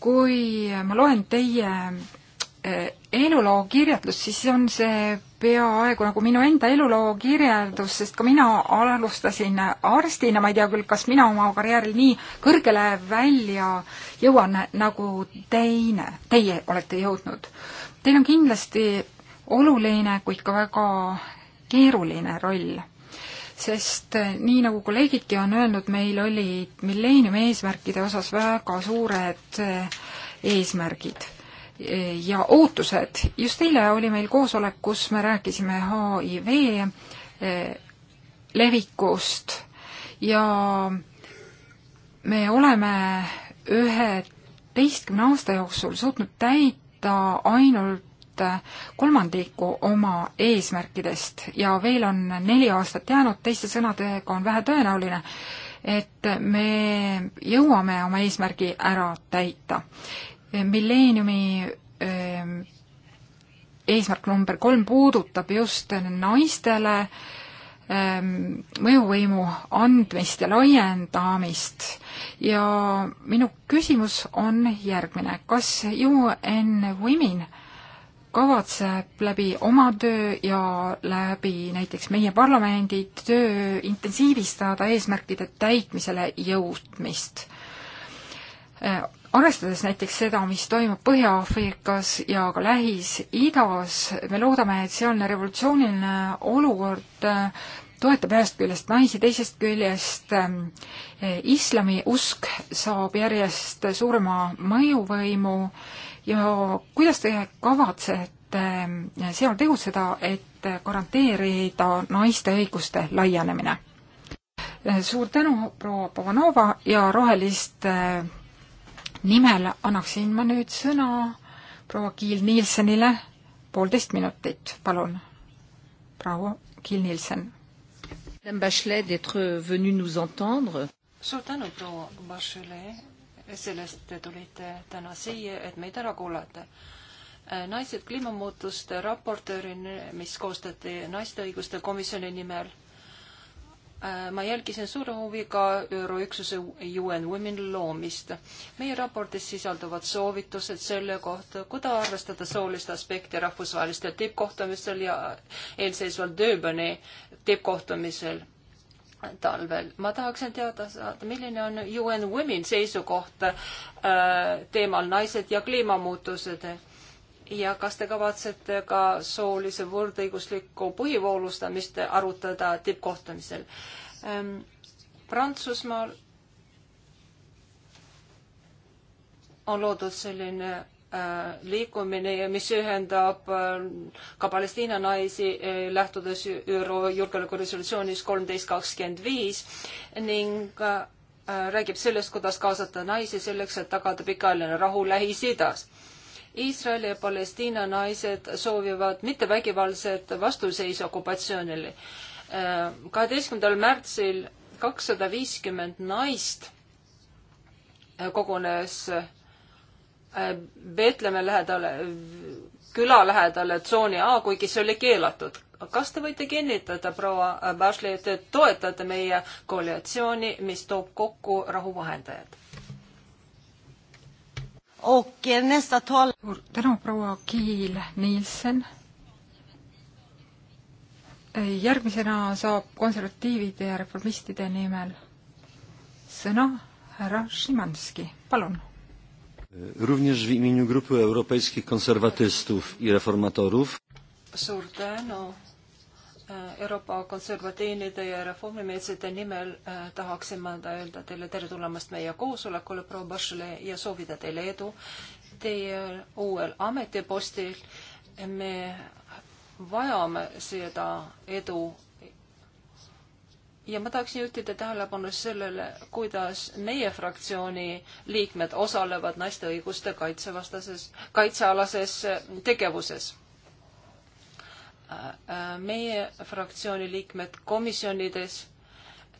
Speaker 1: kui ma loen teie Äh, eluloo kirjeldus, siis on see peaaegu nagu minu enda eluloo kirjeldus, sest ka mina alustasin arstina, ma ei tea küll, kas mina oma karjääril nii kõrgele välja jõuan nagu teine, teie olete jõudnud. Teil on kindlasti oluline, kuid ka väga keeruline roll, sest äh, nii nagu kolleegidki on öelnud, meil olid milleeniumi eesmärkide osas väga suured äh, eesmärgid ja ootused. just eile oli meil koosolek, kus me rääkisime HIV eh, levikust ja me oleme üheteistkümne aasta jooksul suutnud täita ainult kolmandiku oma eesmärkidest ja veel on neli aastat jäänud, teiste sõnadega on vähetõenäoline, et me jõuame oma eesmärgi ära täita milleeniumi ehm, eesmärk number kolm puudutab just naistele ehm, mõjuvõimu andmist ja laiendamist ja minu küsimus on järgmine, kas UN Women kavatseb läbi oma töö ja läbi näiteks meie parlamendi töö intensiivistada eesmärkide täitmisele jõudmist? Ehm, arvestades näiteks seda, mis toimub Põhja-Aafrikas ja ka Lähis-Idas, me loodame, et sealne revolutsiooniline olukord toetab ühest küljest naisi, teisest küljest ähm, islamiusk saab järjest suurema mõjuvõimu ja kuidas te kavatsete ähm, seal tegutseda, et garanteerida naiste õiguste laienemine? suur tänu, proua Pavanova ja Roheliste äh, nimel annaksin ma nüüd sõna proua Kiil Nielsenile, poolteist minutit, palun. proua Kiil Nielsen.
Speaker 3: suur tänu, proua Bachelet, sellest te tulite täna siia, et meid ära kuulata äh, naised kliimamuutuste raportöörini, mis koostati naiste õiguste komisjoni nimel Äh, ma jälgisin suure huviga ÜRO-üksuse UN Women loomist. meie raportis sisalduvad soovitused selle kohta, kuidas arvestada soolist aspekti rahvusvahelistel tippkohtumistel ja eelseisval Dööbani tippkohtumisel talvel. ma tahaksin teada saada, milline on UN Women seisukoht äh, teemal naised ja kliimamuutused ja kas te kavatsete ka soolise võrdõiguslikku põhivoolustamist arutada tippkohtumisel ähm,? Prantsusmaal on loodud selline äh, liikumine, mis ühendab äh, ka Palestiina naisi äh,, lähtudes ÜRO julgeolekuresolutsioonist kolmteist kakskümmend viis ning äh, äh, räägib sellest, kuidas kaasata naisi selleks, et tagada pikaajaline rahu Lähis-Idas Iisraeli ja Palestiina naised soovivad mittevägivaldset vastuseisu okupatsioonile. Äh, kaheteistkümnendal märtsil kakssada viiskümmend naist äh, kogunes äh, Betlemme lähedale, küla lähedale tsooni A, kuigi see oli keelatud. kas te võite kinnitada, proua Bašli, et te toetate meie koalitsiooni, mis toob kokku rahuvahendajad?
Speaker 1: Och eh, nästa tal... Tänu proua Kiil Nielsen. Eh, järgmisena saab konservatiivide ja reformistide nimel sõna härra Šimanski, palun.
Speaker 2: Eh, również w imieniu Grupy Europejskich Konserwatystów i Reformatorów.
Speaker 3: suur tänu Euroopa konservatiivide ja reformimeelsete nimel äh, tahaksin ma öelda teile tere tulemast meie koosolekule proua Bašile ja soovida teile edu teie uuel ametipostil. me vajame seda edu. ja ma tahaksin juhtida tähelepanu sellele, kuidas meie fraktsiooni liikmed osalevad naiste õiguste kaitsevastases, kaitsealases tegevuses meie fraktsiooni liikmed komisjonides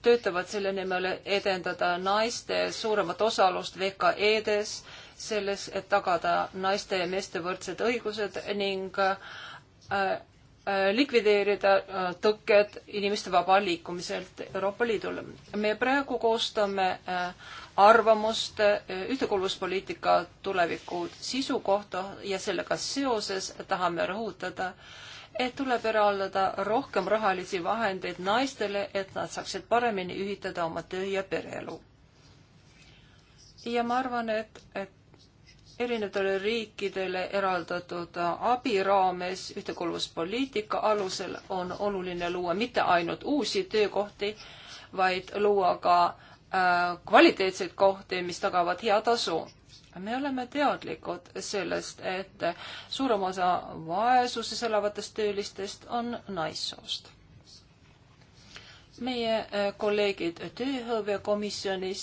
Speaker 3: töötavad selle nimel edendada naiste suuremat osalust VKE-des, selles, et tagada naiste ja meeste võrdsed õigused ning äh, äh, likvideerida äh, tõkked inimeste vaba liikumiselt Euroopa Liidule. me praegu koostame arvamust ühtekuuluvuspoliitika tuleviku sisu kohta ja sellega seoses tahame rõhutada, et tuleb eraldada rohkem rahalisi vahendeid naistele, et nad saaksid paremini ühitada oma töö ja pereelu. ja ma arvan, et, et erinevatele riikidele eraldatud abi raames ühtekuuluvuspoliitika alusel on oluline luua mitte ainult uusi töökohti, vaid luua ka äh, kvaliteetseid kohti, mis tagavad hea tasu me oleme teadlikud sellest, et suurem osa vaesuses elavatest töölistest on naissoost. meie eh, kolleegid tööhõivekomisjonis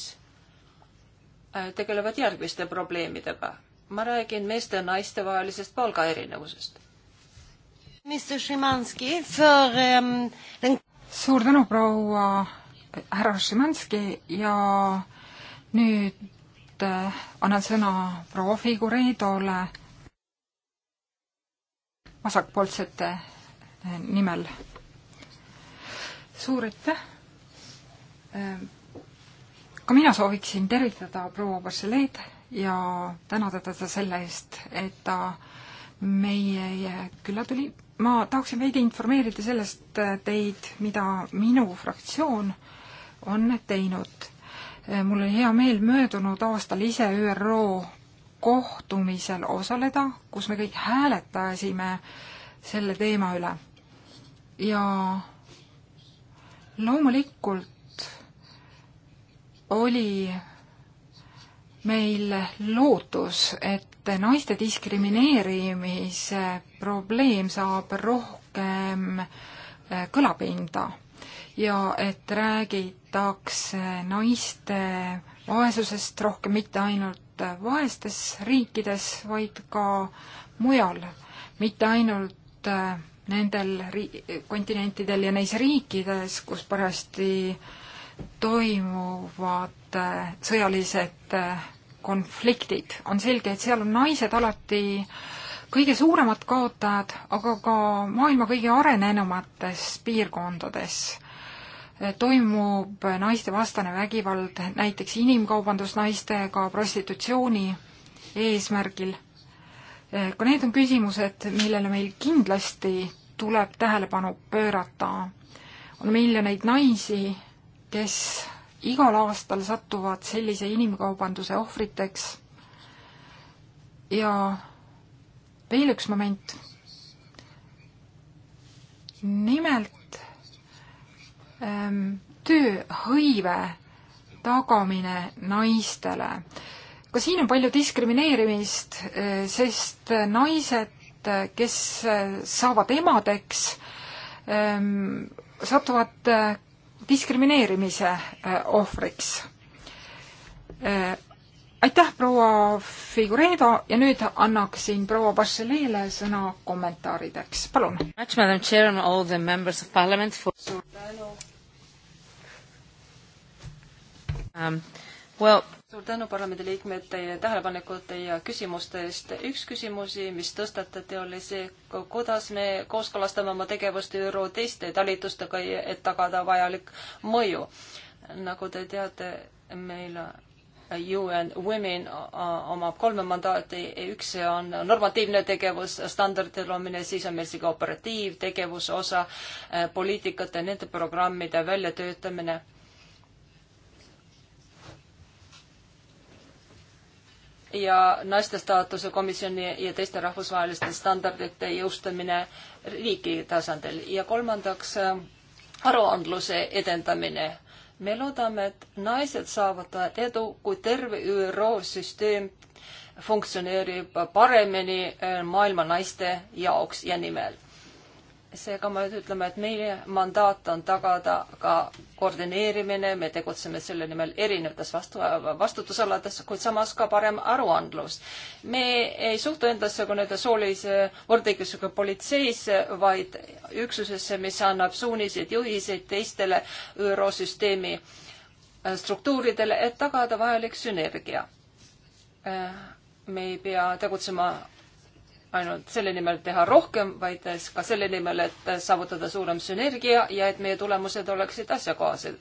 Speaker 3: eh, tegelevad järgmiste probleemidega. ma räägin meeste ja naiste vahelisest palgaerinevusest.
Speaker 1: suur tänu, proua härra Šimanski ja nüüd kõigepealt äh, annan sõna proua Figureidole vasakpoolsete äh, nimel. suur aitäh! Ähm, ka mina sooviksin tervitada proua Bachelet ja tänada teda selle eest, et ta meie külla tuli. ma tahaksin veidi informeerida sellest äh, teid, mida minu fraktsioon on teinud Eh, mul oli hea meel möödunud aastal ise ÜRO kohtumisel osaleda, kus me kõik hääletasime selle teema üle. ja loomulikult oli meil lootus, et naiste diskrimineerimise probleem saab rohkem eh, kõlapinda ja et räägitakse naiste vaesusest rohkem mitte ainult vaestes riikides, vaid ka mujal, mitte ainult äh, nendel ri-, kontinentidel ja neis riikides, kus parajasti toimuvad äh, sõjalised äh, konfliktid. on selge, et seal on naised alati kõige suuremad kaotajad, aga ka maailma kõige arenenumates piirkondades toimub naistevastane vägivald näiteks inimkaubandus naistega prostitutsiooni eesmärgil. ka need on küsimused, millele meil kindlasti tuleb tähelepanu pöörata. on miljoneid naisi, kes igal aastal satuvad sellise inimkaubanduse ohvriteks ja veel üks moment. nimelt Ehm, tööhõive tagamine naistele. ka siin on palju diskrimineerimist, eh, sest naised, kes eh, saavad emadeks, ehm, satuvad eh, diskrimineerimise ohvriks. aitäh, proua Figuredo ja nüüd annaksin proua Bachelet'le sõna kommentaarideks, palun.
Speaker 3: suur tänu um,. Well. suur tänu parlamendiliikmed teie tähelepanekute ja küsimuste eest. üks küsimusi, mis tõstatati, oli see, kuidas me kooskõlastame oma tegevust ÜRO teiste talitustega, et tagada vajalik mõju. nagu te teate, meil UN Women omab kolme mandaati, üks on normatiivne tegevus, standardite loomine, siis on meil siin ka operatiivtegevuse osa, eh, poliitikate, nende programmide väljatöötamine ja naiste staatuse komisjoni ja teiste rahvusvaheliste standardite jõustamine riigi tasandil ja kolmandaks äh, aruandluse edendamine. me loodame, et naised saavutavad edu, kui terve ÜRO süsteem funktsioneerib paremini äh, maailma naiste jaoks ja nimel seega ma nüüd ütleme, et meie mandaat on tagada ka koordineerimine, me tegutseme selle nimel erinevates vastu, vastutusalades, kuid samas ka parem aruandlus. me ei suhtu endasse kui nii-öelda soolise võrdõigusega politseisse, vaid üksusesse, mis annab suuniseid, juhiseid teistele ÜRO süsteemi äh, struktuuridele, et tagada vajalik sünergia. Äh, me ei pea tegutsema ainult selle nimel teha rohkem, vaid ka selle nimel, et saavutada suurem sünergia ja et meie tulemused oleksid asjakohased.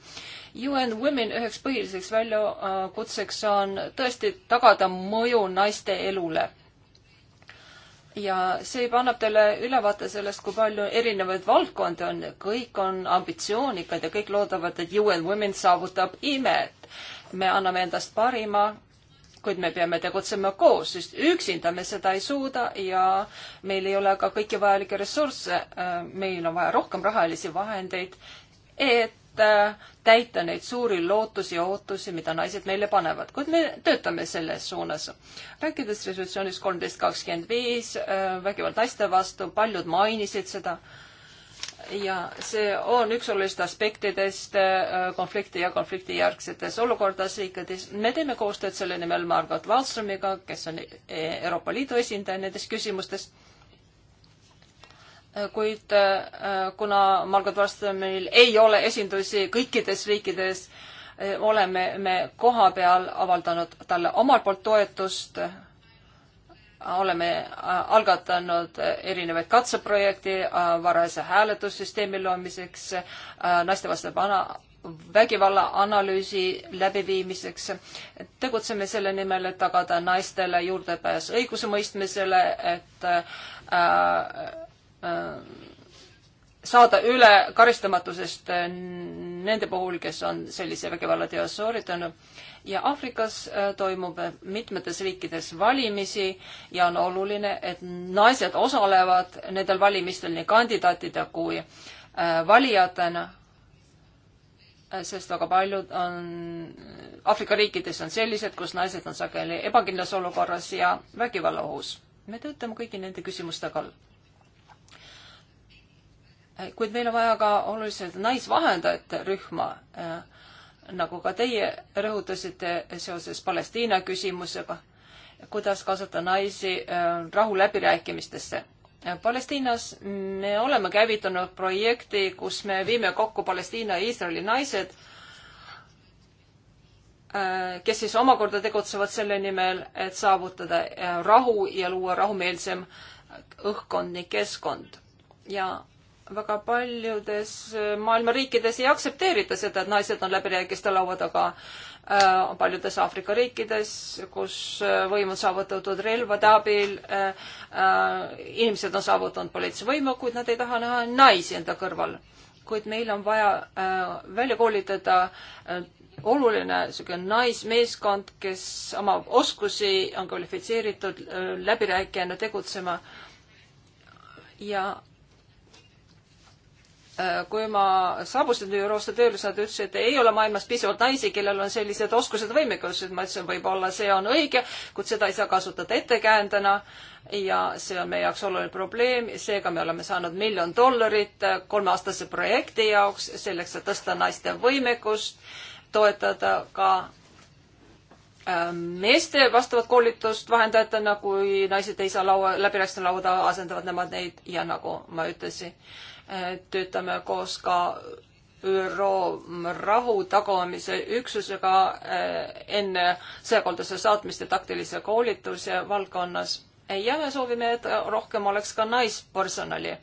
Speaker 3: UN Women üheks põhiliseks väljakutseks on tõesti tagada mõju naiste elule. ja see juba annab teile ülevaate sellest, kui palju erinevaid valdkondi on, kõik on ambitsioonikad ja kõik loodavad, et UN Women saavutab imet. me anname endast parima kuid me peame tegutsema koos, sest üksinda me seda ei suuda ja meil ei ole ka kõiki vajalikke ressursse. meil on vaja rohkem rahalisi vahendeid, et äh, täita neid suuri lootusi ja ootusi, mida naised meile panevad, kuid me töötame selles suunas. rääkides resolutsioonist kolmteist kakskümmend viis, äh, vägivald naiste vastu, paljud mainisid seda ja see on üks olulist aspektidest äh, konflikti ja konfliktijärgsetes olukordades riikides. me teeme koostööd selle nimel Margot Wallströmiga, kes on e- Euroopa Liidu esindaja nendes küsimustes. Äh, kuid äh, kuna Margot Wallströmil ei ole esindusi kõikides riikides, oleme me koha peal avaldanud talle omalt poolt toetust oleme äh, algatanud erinevaid katseprojekti äh, varajase hääletussüsteemi loomiseks, äh, naistevastase vana, vägivalla analüüsi läbiviimiseks. tegutseme selle nimel, et tagada naistele juurdepääs õigusemõistmisele, et äh, äh, saada üle karistamatusest äh, nende puhul, kes on sellise vägivallateo sooritanud. ja Aafrikas äh, toimub äh, mitmetes riikides valimisi ja on oluline, et naised osalevad nendel valimistel nii kandidaatide kui valijatena, sest väga paljud on, Aafrika riikides on sellised, kus naised on sageli ebakindlas olukorras ja vägivallaohus. me töötame kõigi nende küsimuste kallal kuid meil on vaja ka oluliselt naisvahendajate rühma, äh, nagu ka teie rõhutasite seoses Palestiina küsimusega, kuidas kaasata naisi äh, rahuläbirääkimistesse. Palestiinas me oleme käivitanud projekti, kus me viime kokku Palestiina ja Iisraeli naised, äh, kes siis omakorda tegutsevad selle nimel, et saavutada rahu ja luua rahumeelsem õhkkond ning keskkond. ja väga paljudes äh, maailma riikides ei aktsepteerita seda, et naised on läbirääkimiste laua taga. Äh, paljudes Aafrika riikides, kus äh, võim on saavutatud relvade abil, inimesed on saavutanud poliitilise võimu, kuid nad ei taha näha naisi enda kõrval. kuid meil on vaja välja koolitada oluline niisugune naismeeskond, kes omab oskusi, on kvalifitseeritud läbirääkijana tegutsema ja Äh, kui ma saabusin ÜRO-sse tööle, siis nad ütlesid, et ei ole maailmas piisavalt naisi, kellel on sellised oskused, võimekused. ma ütlesin, võib-olla see on õige, kuid seda ei saa kasutada ettekäändena ja see on meie jaoks oluline probleem. seega me oleme saanud miljon dollarit kolmeaastase projekti jaoks, selleks, et tõsta naiste võimekust, toetada ka ähm, meeste vastavat koolitust vahendajatena, kui naised ei saa laua, läbirääkimiste lauda, asendavad nemad neid ja nagu ma ütlesin töötame koos ka ÜRO rahutagamise üksusega äh, enne sõjakoldesse saatmist ja taktilise koolituse valdkonnas. ja me soovime, et rohkem oleks ka naispersonali.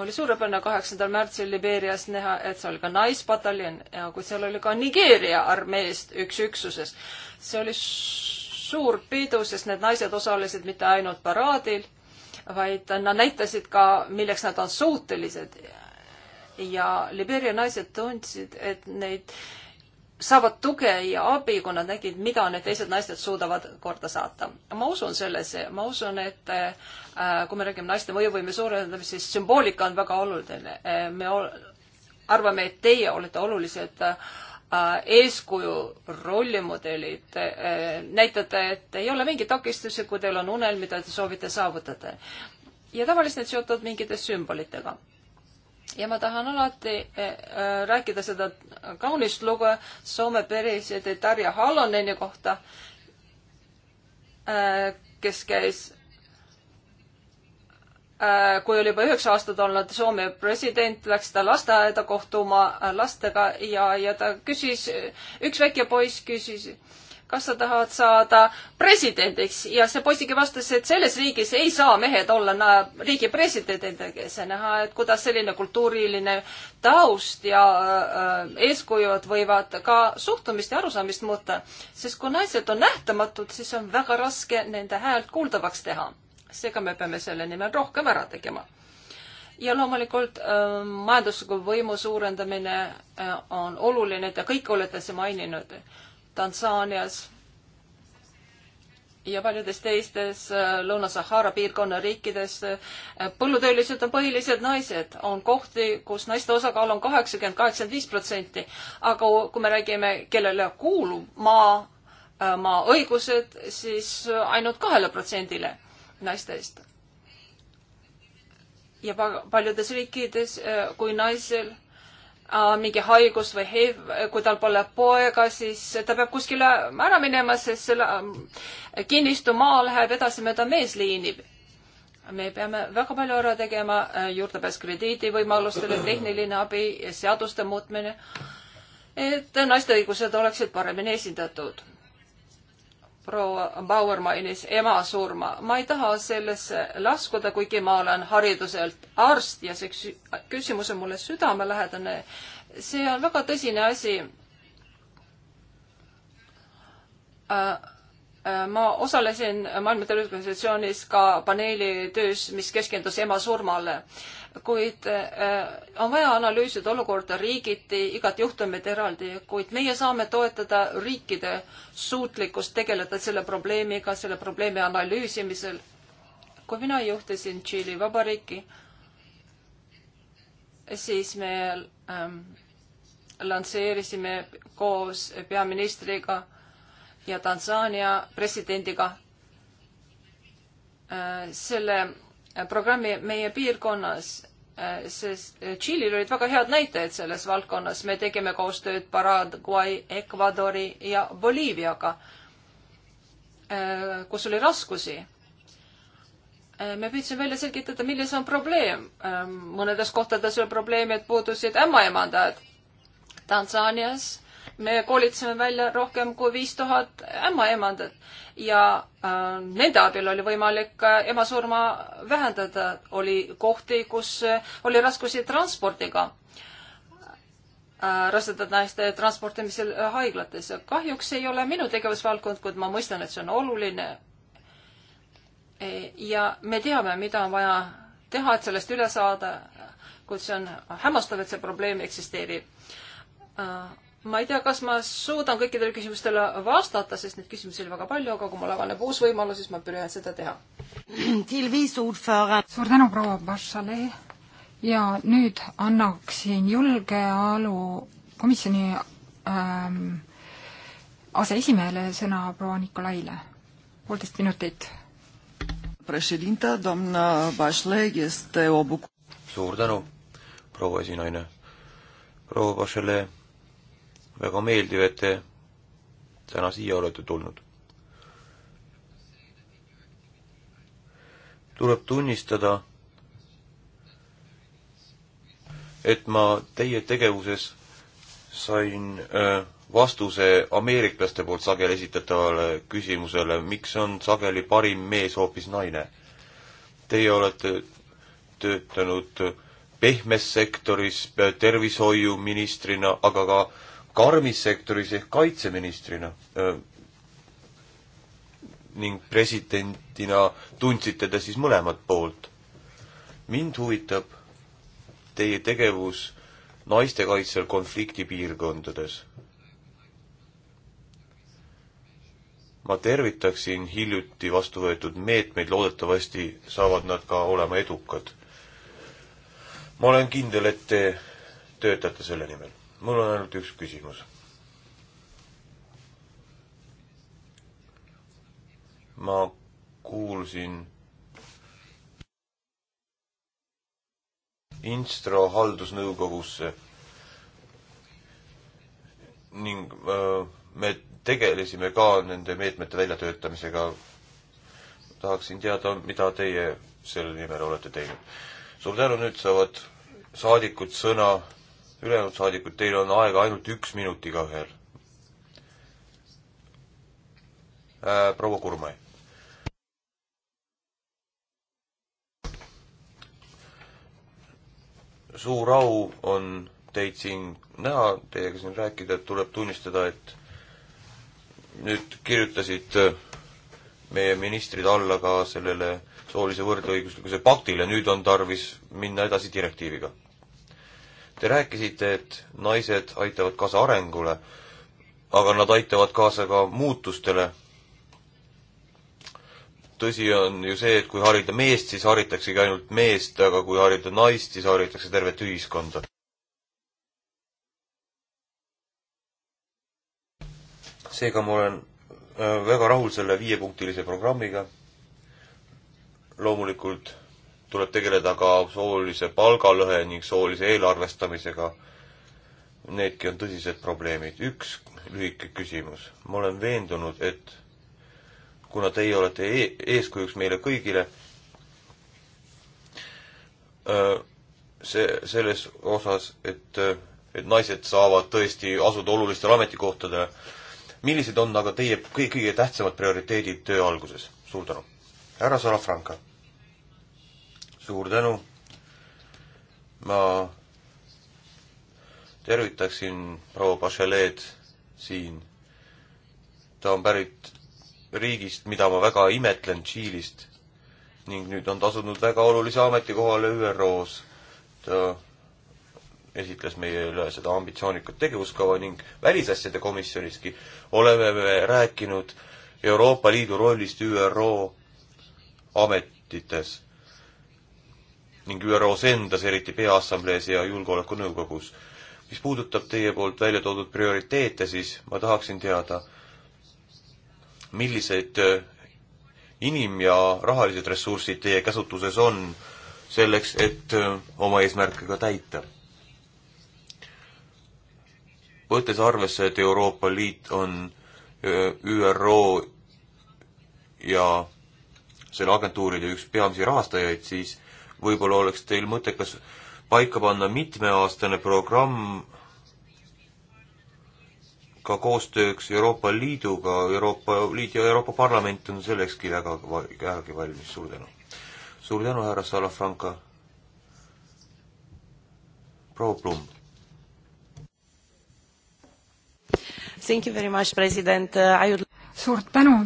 Speaker 3: oli suurepärane kaheksandal märtsil Libeerias näha, et seal oli ka naispataljon ja kuid seal oli ka Nigeeria armeest üks üksuses. see oli suur pidu, sest need naised osalesid mitte ainult paraadil vaid nad näitasid ka, milleks nad on suutelised. ja Liberia naised tundsid, et neid saavad tuge ja abi, kui nad nägid, mida need teised naised suudavad korda saata. ma usun sellesse, ma usun, et äh, kui me räägime naiste mõjuvõime suurendamisest, siis sümboolika on väga oluline. Äh, me arvame, et teie olete olulised äh, Äh, eeskuju rollimudelid, äh, näitate, et ei ole mingeid takistusi, kui teil on unel, mida te soovite saavutada. ja tavaliselt need seotud mingite sümbolitega. ja ma tahan alati äh, rääkida seda kaunist lugu Soome presidendi Tarja Halloneni kohta, kes käis Äh, kui oli juba üheksa aastat olnud Soome president, läks ta lasteaeda kohtuma äh, lastega ja, ja ta küsis, üks väike poiss küsis, kas sa tahad saada presidendiks ja see poisike vastas, et selles riigis ei saa mehed olla riigi presidendiks ja näha, et kuidas selline kultuuriline taust ja äh, eeskujud võivad ka suhtumist ja arusaamist muuta. sest kui naised on nähtamatud, siis on väga raske nende häält kuuldavaks teha seega me peame selle nimel rohkem ära tegema. ja loomulikult äh, majandusliku võimu suurendamine äh, on oluline, te kõik olete see maininud Tansaanias ja paljudes teistes äh, Lõuna-Sahara piirkonna riikides äh, põllutöölised on põhilised naised, on kohti, kus naiste osakaal on kaheksakümmend, kaheksakümmend viis protsenti. aga kui me räägime, kellele kuulub maa, äh, maa õigused, siis ainult kahele protsendile naistest. ja paljudes riikides, äh, kui naisel äh, mingi haigus või HIV, kui tal pole poega, siis ta peab kuskile ära minema, sest selle äh, kinnistu maa läheb edasi mööda meesliini. me peame väga palju ära tegema, juurdepääs krediidivõimalustele, tehniline abi, seaduste muutmine, et naiste õigused oleksid paremini esindatud proua Bauer mainis ema surma. ma ei taha sellesse laskuda, kuigi ma olen hariduselt arst ja see küsimus on mulle südamelähedane. see on väga tõsine asi äh, äh ma osalesin Maailma Terviseorganisatsioonis ka paneeli töös, mis keskendus ema surmale kuid äh, on vaja analüüsida olukorda riigiti, igat juhtumit eraldi, kuid meie saame toetada riikide suutlikkust tegeleda selle probleemiga, selle probleemi analüüsimisel. kui mina juhtisin Tšiili Vabariiki, siis me ähm, lansseerisime koos peaministriga ja Tansaania presidendiga äh, selle programmi meie piirkonnas, äh, sest äh, Tšiilil olid väga head näitajad selles valdkonnas, me tegime koostööd Paraguay, Ecuadori ja Boliiviaga, äh, kus oli raskusi. me püüdsime välja selgitada, milles on probleem. mõnedes kohtades oli probleem, et puudusid ämmaemandajad. Tansaanias me koolitasime välja rohkem kui viis tuhat ämmaemandat ja äh, nende abil oli võimalik äh, emasurma vähendada. oli kohti, kus äh, oli raskusi transpordiga äh,, rasedad naiste transportimisel äh, haiglates. kahjuks ei ole minu tegevusvaldkond, kuid ma mõistan, et see on oluline e. ja me teame, mida on vaja teha, et sellest üle saada, kuid see on hämmastav, et see probleem eksisteerib äh, ma ei tea, kas ma suudan kõikidele küsimustele vastata, sest neid küsimusi oli väga palju, aga kui mul avaneb uus
Speaker 1: võimalus, siis ma püüan seda teha. suur tänu, proua Barsale ja nüüd annaksin julgeolu komisjoni ähm, aseesimehele sõna proua Nikolaile. poolteist minutit.
Speaker 2: suur tänu, proua esinaine. proua Bachelet väga meeldiv, et te täna siia olete tulnud. tuleb tunnistada, et ma teie tegevuses sain öö, äh, vastuse ameeriklaste poolt sageli esitatavale küsimusele, miks on sageli parim mees hoopis naine. Teie olete töötanud pehmes sektoris äh, tervishoiuministrina, aga ka karmis sektoris ehk kaitseministrina öö, ning presidentina tundsite te siis mõlemat poolt. mind huvitab teie tegevus naistekaitsel konfliktipiirkondades. ma tervitaksin hiljuti vastu võetud meetmeid, loodetavasti saavad nad ka olema edukad. ma olen kindel, et te töötate selle nimel mul on ainult üks küsimus. ma kuulsin Instro haldusnõukogusse ning öö, äh, me tegelesime ka nende meetmete väljatöötamisega. tahaksin teada, mida teie selle nimel olete teinud. suur tänu, nüüd saavad saadikud sõna ülejäänud saadikud, teil on aega ainult üks minut igaühel äh,. proua Kurmai. suur au on teid siin näha, teiega siin rääkida, tuleb tunnistada, et nüüd kirjutasid äh, meie ministrid alla ka sellele soolise võrdõiguslikkuse paktile, nüüd on tarvis minna edasi direktiiviga Te rääkisite, et naised aitavad kaasa arengule, aga nad aitavad kaasa ka muutustele. tõsi on ju see, et kui harida meest, siis haritaksegi ainult meest, aga kui harida naist, siis haritakse tervet ühiskonda. seega ma olen äh, väga rahul selle viiepunktilise programmiga. loomulikult tuleb tegeleda ka soolise palgalõhe ning soolise eelarvestamisega. Needki on tõsised probleemid. üks lühike küsimus. ma olen veendunud, et kuna teie olete e eeskujuks meile kõigile, see, selles osas, et, et naised saavad tõesti asuda olulistele ametikohtadele, millised on aga teie kõige, kõige tähtsamad prioriteedid töö alguses? suur tänu. härra Salafranca suur tänu. ma tervitaksin proua Bachelet siin. ta on pärit riigist, mida ma väga imetlen, Tšiilist ning nüüd on ta asunud väga olulise ametikohale ÜRO-s. ta esitles meile seda ambitsioonikat tegevuskava ning välisasjade komisjoniski oleme me rääkinud Euroopa Liidu rollist ÜRO ametites ning ÜRO-s endas, eriti Peaassamblees ja Julgeolekunõukogus. mis puudutab teie poolt välja toodud prioriteete, siis ma tahaksin teada, millised äh, inim- ja rahalised ressursid teie käsutuses on selleks, et äh, oma eesmärke ka täita? võttes arvesse, et Euroopa Liit on äh, ÜRO ja selle agentuuride üks peamisi rahastajaid, siis võib-olla oleks teil mõttekas paika panna mitmeaastane programm ka koostööks Euroopa Liiduga, Euroopa Liit ja Euroopa Parlament on sellekski väga, vägagi valmis, suur tänu. suur tänu, härra Salafranca. proua Blum.
Speaker 1: Thank you very much, president uh,, I would suur tänu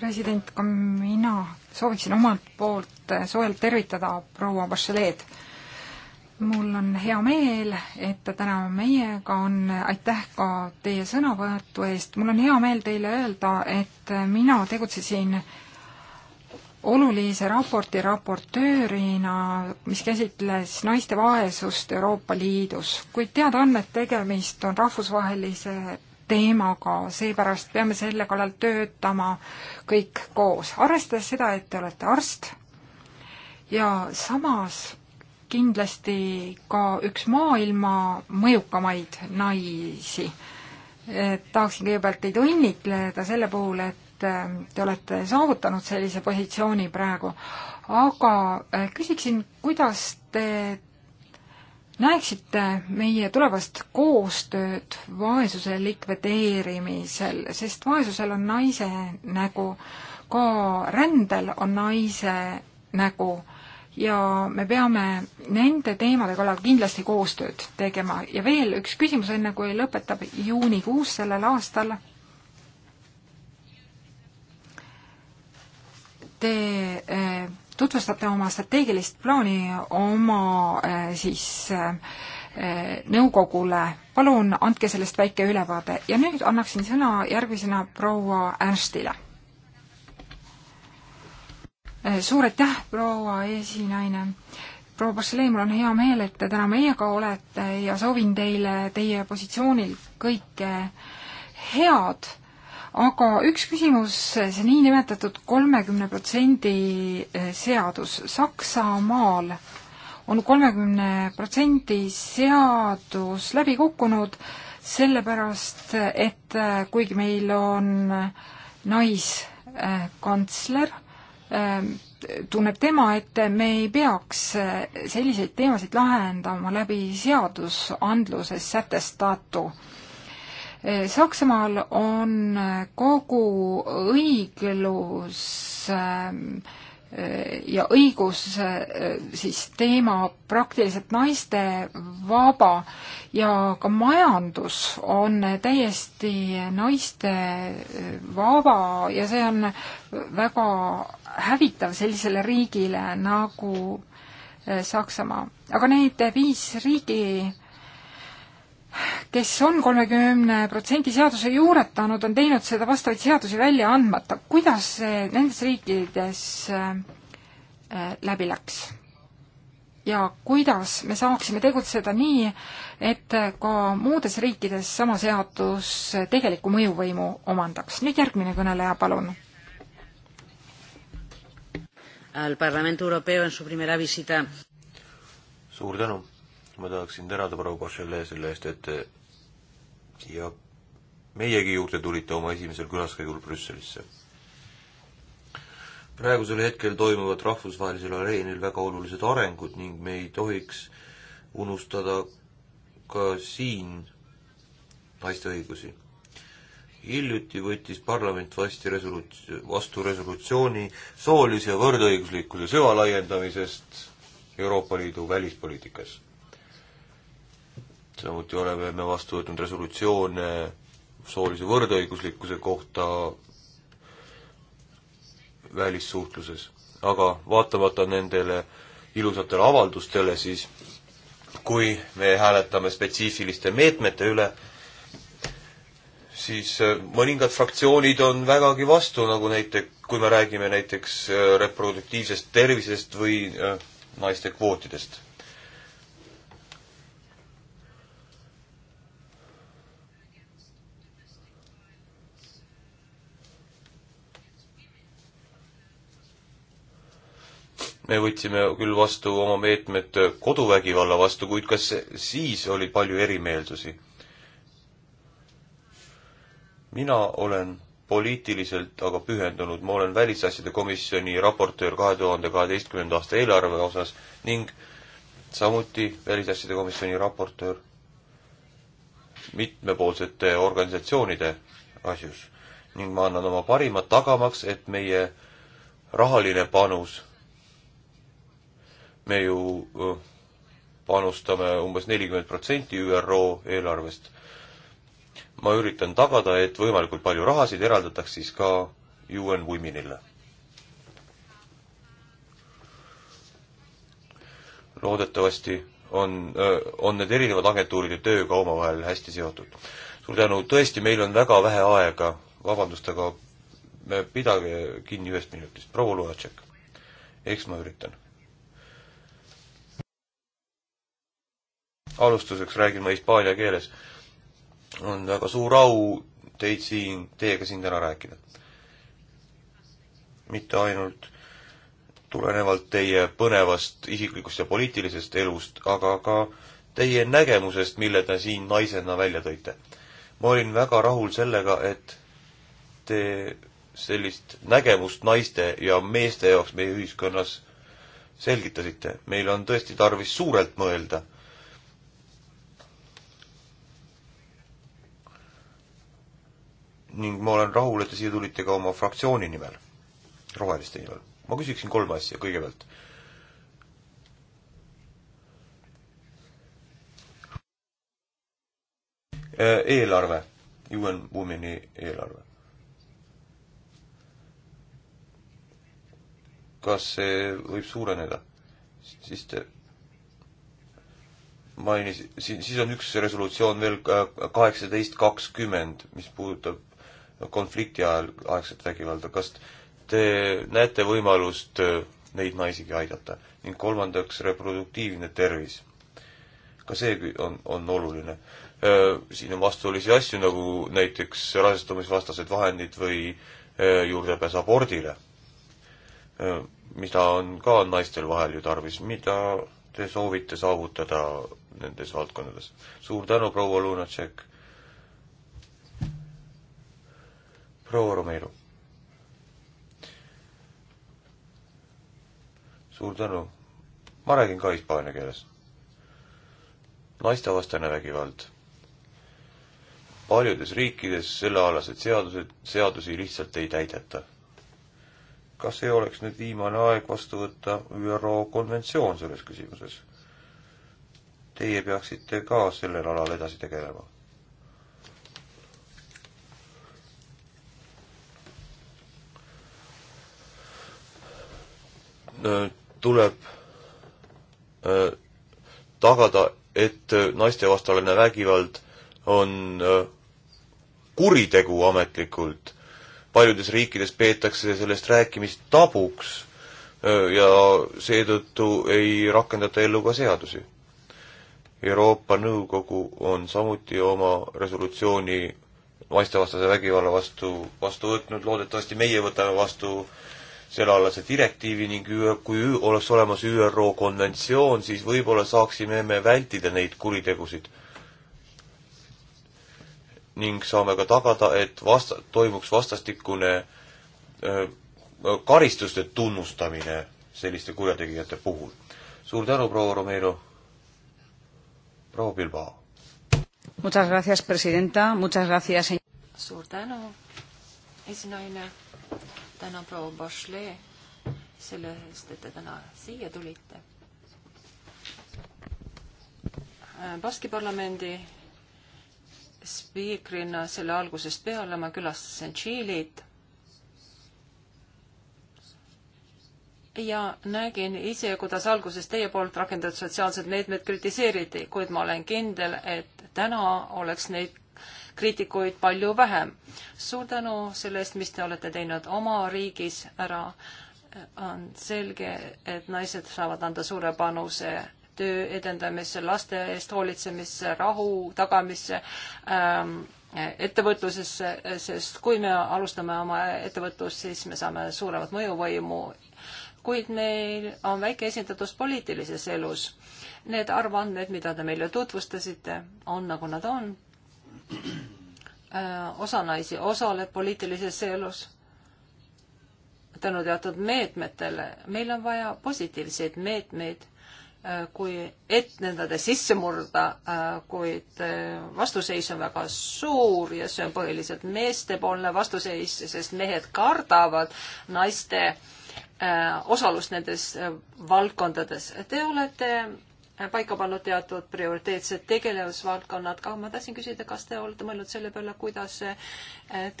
Speaker 1: president, ka mina sooviksin omalt poolt eh, soojalt tervitada proua Bachelet. mul on hea meel, et ta täna meiega on, aitäh ka teie sõnavõtu eest, mul on hea meel teile öelda, et mina tegutsesin olulise raporti raportöörina, mis käsitles naiste vaesust Euroopa Liidus, kuid teada on, et tegemist on rahvusvahelise teemaga, seepärast peame selle kallal töötama kõik koos. arvestades seda, et te olete arst ja samas kindlasti ka üks maailma mõjukamaid naisi, tahaksin kõigepealt teid õnnitleda selle puhul, et äh, te olete saavutanud sellise positsiooni praegu, aga äh, küsiksin, kuidas te näeksite meie tulevast koostööd vaesuse likvideerimisel, sest vaesusel on naise nägu, ka rändel on naise nägu ja me peame nende teemade kallal kindlasti koostööd tegema ja veel üks küsimus, enne kui lõpetab juunikuus sellel aastal. Te eh, tutvustab ta oma strateegilist plaani oma eh, siis eh, eh, nõukogule. palun andke sellest väike ülevaade ja nüüd annaksin sõna järgmisena proua Ernstile. suur aitäh, proua esinaine proua Barcelei, mul on hea meel, et te täna meiega olete ja soovin teile teie positsioonil kõike head aga üks küsimus, see niinimetatud kolmekümne protsendi eh, seadus Saksamaal on kolmekümne protsendi seadus läbi kukkunud, sellepärast et eh, kuigi meil on naiskantsler, eh, tunneb tema, et me ei peaks selliseid teemasid lahendama läbi seadusandluses sätestatu Eh, Saksamaal on eh, kogu õiglus ehm, eh, ja õigus siis teema praktiliselt naiste vaba ja ka majandus on täiesti naiste vaba ja see on väga hävitav sellisele riigile nagu Saksamaa. aga need viis riigi kes on kolmekümne protsendi seaduse juuretanud, on teinud seda vastavaid seadusi välja andmata. kuidas see nendes riikides äh, äh, läbi läks? ja kuidas me saaksime tegutseda nii, et ka muudes riikides sama seadus tegeliku mõjuvõimu omandaks? nüüd järgmine kõneleja, palun.
Speaker 2: suur tänu ma tahaksin tänada proua Košele selle eest, et te siia meiegi juurde tulite oma esimesel külaskäigul Brüsselisse. praegusel hetkel toimuvad rahvusvahelisel areenil väga olulised arengud ning me ei tohiks unustada ka siin naiste õigusi. hiljuti võttis parlament vasti resolut-, vastu resolutsiooni soolise võrdõiguslikkuse süvalaiendamisest Euroopa Liidu välispoliitikas samuti oleme me vastu võtnud resolutsioone soolise võrdõiguslikkuse kohta välissuhtluses. aga vaatamata nendele ilusatele avaldustele, siis kui me hääletame spetsiifiliste meetmete üle, siis äh, mõningad fraktsioonid on vägagi vastu, nagu näiteks, kui me räägime näiteks äh, reproduktiivsest tervisest või äh, naiste kvootidest me võtsime küll vastu oma meetmed koduvägivalla vastu, kuid kas siis oli palju erimeelsusi? mina olen poliitiliselt aga pühendunud, ma olen Välisasjade Komisjoni raportöör kahe tuhande kaheteistkümnenda aasta eelarve osas ning samuti Välisasjade Komisjoni raportöör mitmepoolsete organisatsioonide asjus ning ma annan oma parima tagamaks, et meie rahaline panus me ju panustame umbes nelikümmend protsenti ÜRO eelarvest. ma üritan tagada, et võimalikult palju rahasid eraldataks siis ka UN Womenile. loodetavasti on, on need erinevad agentuuride tööga omavahel hästi seotud. suur tänu, tõesti, meil on väga vähe aega, vabandust, aga pidage kinni ühest minutist, proua Lunatšek. eks ma üritan alustuseks räägin ma hispaania keeles. on väga suur au teid siin, teiega siin täna rääkida. mitte ainult tulenevalt teie põnevast isiklikust ja poliitilisest elust, aga ka teie nägemusest, mille te siin naisena välja tõite. ma olin väga rahul sellega, et te sellist nägemust naiste ja meeste jaoks meie ühiskonnas selgitasite. meil on tõesti tarvis suurelt mõelda ning ma olen rahul, et te siia tulite ka oma fraktsiooni nimel, roheliste nimel. ma küsiksin kolme asja kõigepealt. Äh, eelarve, UN Womeni eelarve. kas see võib suureneda? siis te mainis, siis on üks resolutsioon veel äh, kaheksateist kakskümmend, mis puudutab konflikti ajal aegset vägivalda, kas te näete võimalust äh, neid naisigi aidata? ning kolmandaks, reproduktiivne tervis. ka see on, on oluline. Äh, siin on vastuolisi asju, nagu näiteks rasestumisvastased vahendid või äh, juurdepääs abordile, mida on ka naistel vahel ju tarvis, mida te soovite saavutada nendes valdkondades. suur tänu, proua Lunatšek, proua Romero. suur tänu. ma räägin ka hispaania keeles. naistevastane vägivald. paljudes riikides sellealased seadused, seadusi lihtsalt ei täideta. kas ei oleks nüüd viimane aeg vastu võtta ÜRO konventsioon selles küsimuses? Teie peaksite ka sellel alal edasi tegelema Äh, tuleb äh, tagada, et äh, naistevastane vägivald on kuritegu ametlikult. paljudes riikides peetakse sellest rääkimist tabuks ja seetõttu ei rakendata ellu ka seadusi. Euroopa Nõukogu on samuti oma resolutsiooni naistevastase vägivalla vastu vastu võtnud, loodetavasti meie võtame vastu äh, sellealase direktiivi ning kui oleks olemas ÜRO konventsioon, siis võib-olla saaksime me vältida neid kuritegusid. ning saame ka tagada, et vasta-, toimuks vastastikune karistuste tunnustamine selliste kurjategijate puhul. suur tänu, proua Romero. proua Bilbao.
Speaker 1: Muchas gracias, presidenta, muchas gracias.
Speaker 3: suur tänu, esinaine tänan proua Bachelet selle eest, et te täna siia tulite. Äh, Baski parlamendi spiikrina selle algusest peale ma külastasin Tšiilit ja nägin ise, kuidas alguses teie poolt rakendatud sotsiaalsed meetmed kritiseeriti, kuid ma olen kindel, et täna oleks neid kriitikuid palju vähem. suur tänu selle eest, mis te olete teinud oma riigis ära. on selge, et naised saavad anda suure panuse töö edendamisse, laste eest hoolitsemisse, rahu tagamisse ähm,, ettevõtlusesse, sest kui me alustame oma ettevõtlust, siis me saame suuremat mõjuvõimu. kuid meil on väike esindatus poliitilises elus need arvandmed, mida te meile tutvustasite, on nagu nad on Äh, osa naisi osaleb poliitilises elus tänu teatud meetmetele. meil on vaja positiivseid meetmeid, äh, kui, et nendele sisse murda, äh, kuid vastuseis on väga suur ja see on põhiliselt meestepoolne vastuseis, sest mehed kardavad naiste osalust nendes valdkondades. Te olete paika pannud teatud prioriteetsed tegevusvaldkonnad, aga ma tahtsin küsida, kas te olete mõelnud selle peale, kuidas eh,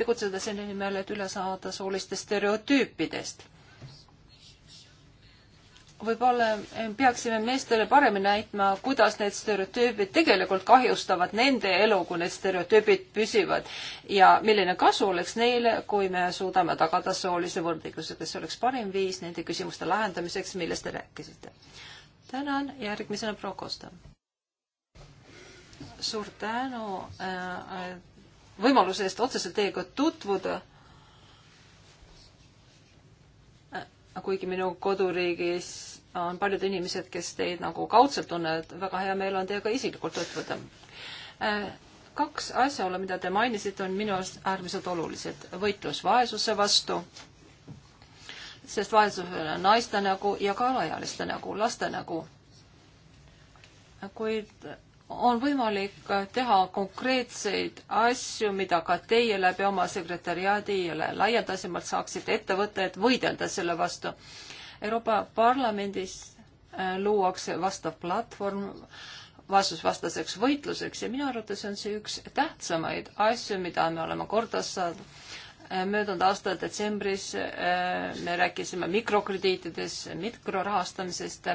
Speaker 3: tegutseda selle nimel, et üle saada soolistest stereotüüpidest? võib-olla eh, peaksime meestele paremini näitma, kuidas need stereotüübid tegelikult kahjustavad nende elu, kui need stereotüübid püsivad ja milline kasu oleks neile, kui me suudame tagada soolise võrdõiguslikkuse, see oleks parim viis nende küsimuste lahendamiseks, millest te rääkisite tänan, järgmisena proua Kosta. suur tänu äh, võimaluse eest otseselt teiega tutvuda äh, kuigi minu koduriigis on paljud inimesed, kes teid nagu kaudselt tunnevad, väga hea meel on teiega isiklikult tutvuda. Äh, kaks asjaolu, mida te mainisite, on minu arust äärmiselt olulised. võitlus vaesuse vastu sest vaesusel on naiste nägu ja ka alaealiste nägu, laste nägu. kuid on võimalik teha konkreetseid asju, mida ka teie läbi oma sekretäriaadi laialdasemalt saaksite ettevõtted et võidelda selle vastu. Euroopa Parlamendis äh, luuakse vastav platvorm vaesusvastaseks võitluseks ja minu arvates on see üks tähtsamaid asju, mida me oleme korda saanud Äh, möödunud aasta detsembris äh, me rääkisime mikrokrediitides, mikrorahastamisest.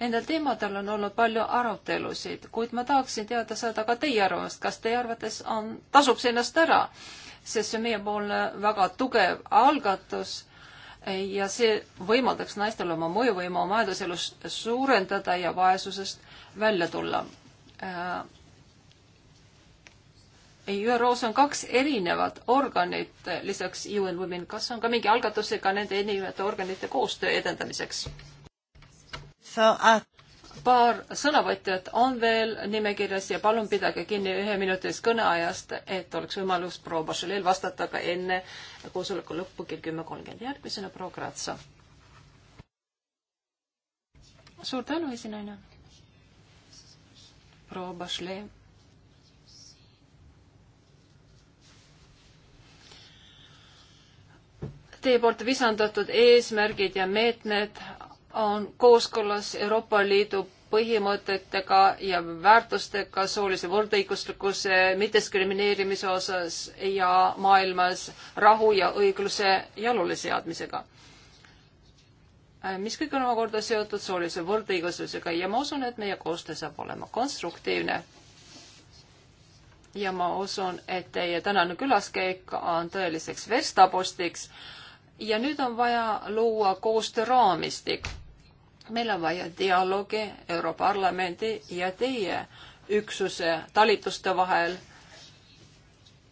Speaker 3: Nendel teemadel on olnud palju arutelusid, kuid ma tahaksin teada saada ka teie arvamust, kas teie arvates on, tasub see ennast ära, sest see on meiepoolne väga tugev algatus ja see võimaldaks naistel oma mõjuvõimu majanduselus suurendada ja vaesusest välja tulla äh, ÜRO-s on kaks erinevat organit eh, lisaks UN Women. kas on ka mingi algatusi ka nende erinevate organite koostöö edendamiseks? Uh, paar sõnavõtjat on veel nimekirjas ja palun pidage kinni üheminutilisest kõneajast, et oleks võimalus proua Bachelet vastata ka enne koosoleku lõppu kell kümme kolmkümmend. järgmisena proua Kratsa. suur tänu, esinaine. proua Bachelet teie poolt visandatud eesmärgid ja meetmed on kooskõlas Euroopa Liidu põhimõtetega ja väärtustega soolise võrdõiguslikkuse, mittediskrimineerimise osas ja maailmas rahu ja õigluse jaluleseadmisega. mis kõik on omakorda seotud soolise võrdõiguslusega ja ma usun, et meie koostöö saab olema konstruktiivne. ja ma usun, et teie tänane külaskäik on tõeliseks verstapostiks ja nüüd on vaja luua koostööraamistik. meil on vaja dialoogi Europarlamendi ja teie üksuse talituste vahel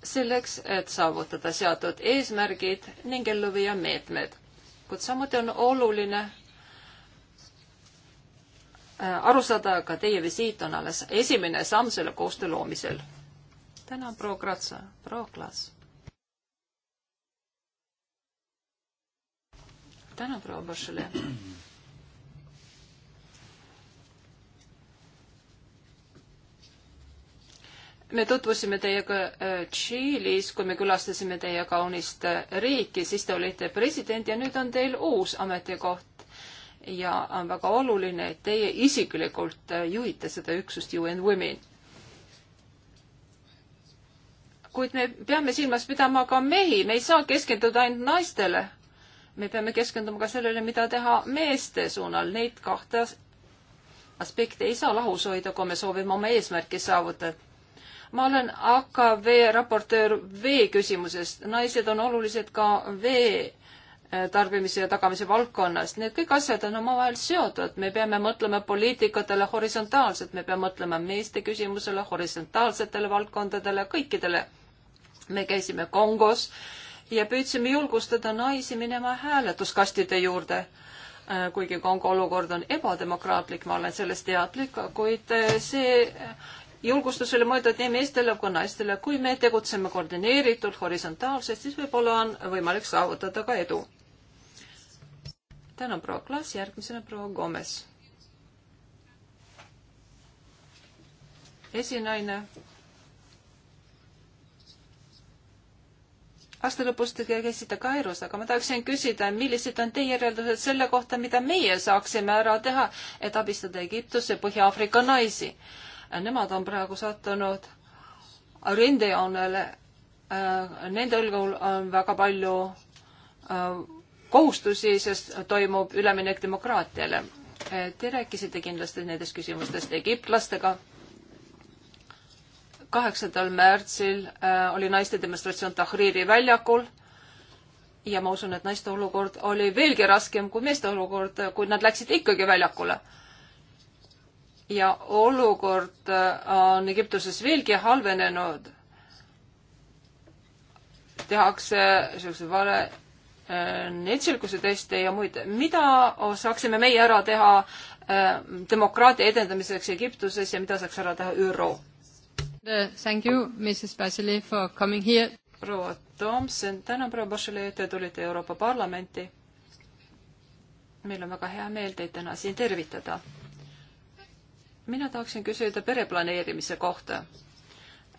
Speaker 3: selleks, et saavutada seatud eesmärgid ning ellu viia meetmed. kuid samuti on oluline äh, aru saada, aga teie visiit on alles esimene samm selle koostöö loomisel. tänan, proua Kratsa, proua Klaas. tänan, proua Bachelet. me tutvusime teiega äh, Tšiilis, kui me külastasime teie kaunist äh, riiki, siis te olite president ja nüüd on teil uus ametikoht. ja on väga oluline, et teie isiklikult äh, juhite seda üksust UN Women. kuid me peame silmas pidama ka mehi, me ei saa keskenduda ainult naistele me peame keskenduma ka sellele, mida teha meeste suunal, neid kahte aspekte ei saa lahus hoida, kui me soovime oma eesmärki saavutada. ma olen AKV raportöör vee küsimusest, naised on olulised ka vee eh, tarbimise ja tagamise valdkonnas, need kõik asjad on omavahel seotud, me peame mõtlema poliitikatele horisontaalselt, me peame mõtlema meeste küsimusele, horisontaalsetele valdkondadele, kõikidele. me käisime Kongos äh, ja püüdsime julgustada naisi minema hääletuskastide juurde. Äh, kuigi Kongo olukord on ebademokraatlik, ma olen sellest teadlik, kuid äh, see äh, julgustus oli mõeldud nii meestele kui naistele. kui me tegutseme koordineeritult, horisontaalselt, siis võib-olla on võimalik saavutada ka edu. tänan, proua Klaas, järgmisena proua Gomes. esinaine aasta lõpus te käisite Kairos, aga ma tahaksin küsida, millised on teie järeldused selle kohta, mida meie saaksime ära teha, et abistada Egiptuse Põhja-Aafrika naisi. Nemad on praegu sattunud rindejoonele. Äh, nende õlgul on väga palju äh, kohustusi, sest toimub üleminek demokraatiale. Äh, te rääkisite kindlasti nendest küsimustest egiptlastega kaheksandal märtsil äh, oli naiste demonstratsioon Tahriri väljakul ja ma usun, et naiste olukord oli veelgi raskem kui meeste olukord, äh, kuid nad läksid ikkagi väljakule. ja olukord äh, on Egiptuses veelgi halvenenud. tehakse niisuguseid vale netsilguse teste ja muid. mida saaksime meie ära teha demokraatia edendamiseks Egiptuses ja mida saaks ära teha ÜRO?
Speaker 1: Uh, thank you, Mrs Basile
Speaker 3: for coming here. proua Tomson, tänan, proua Basile, te tulite Euroopa Parlamenti. meil on väga hea meel teid täna siin tervitada. mina tahaksin küsida pereplaneerimise kohta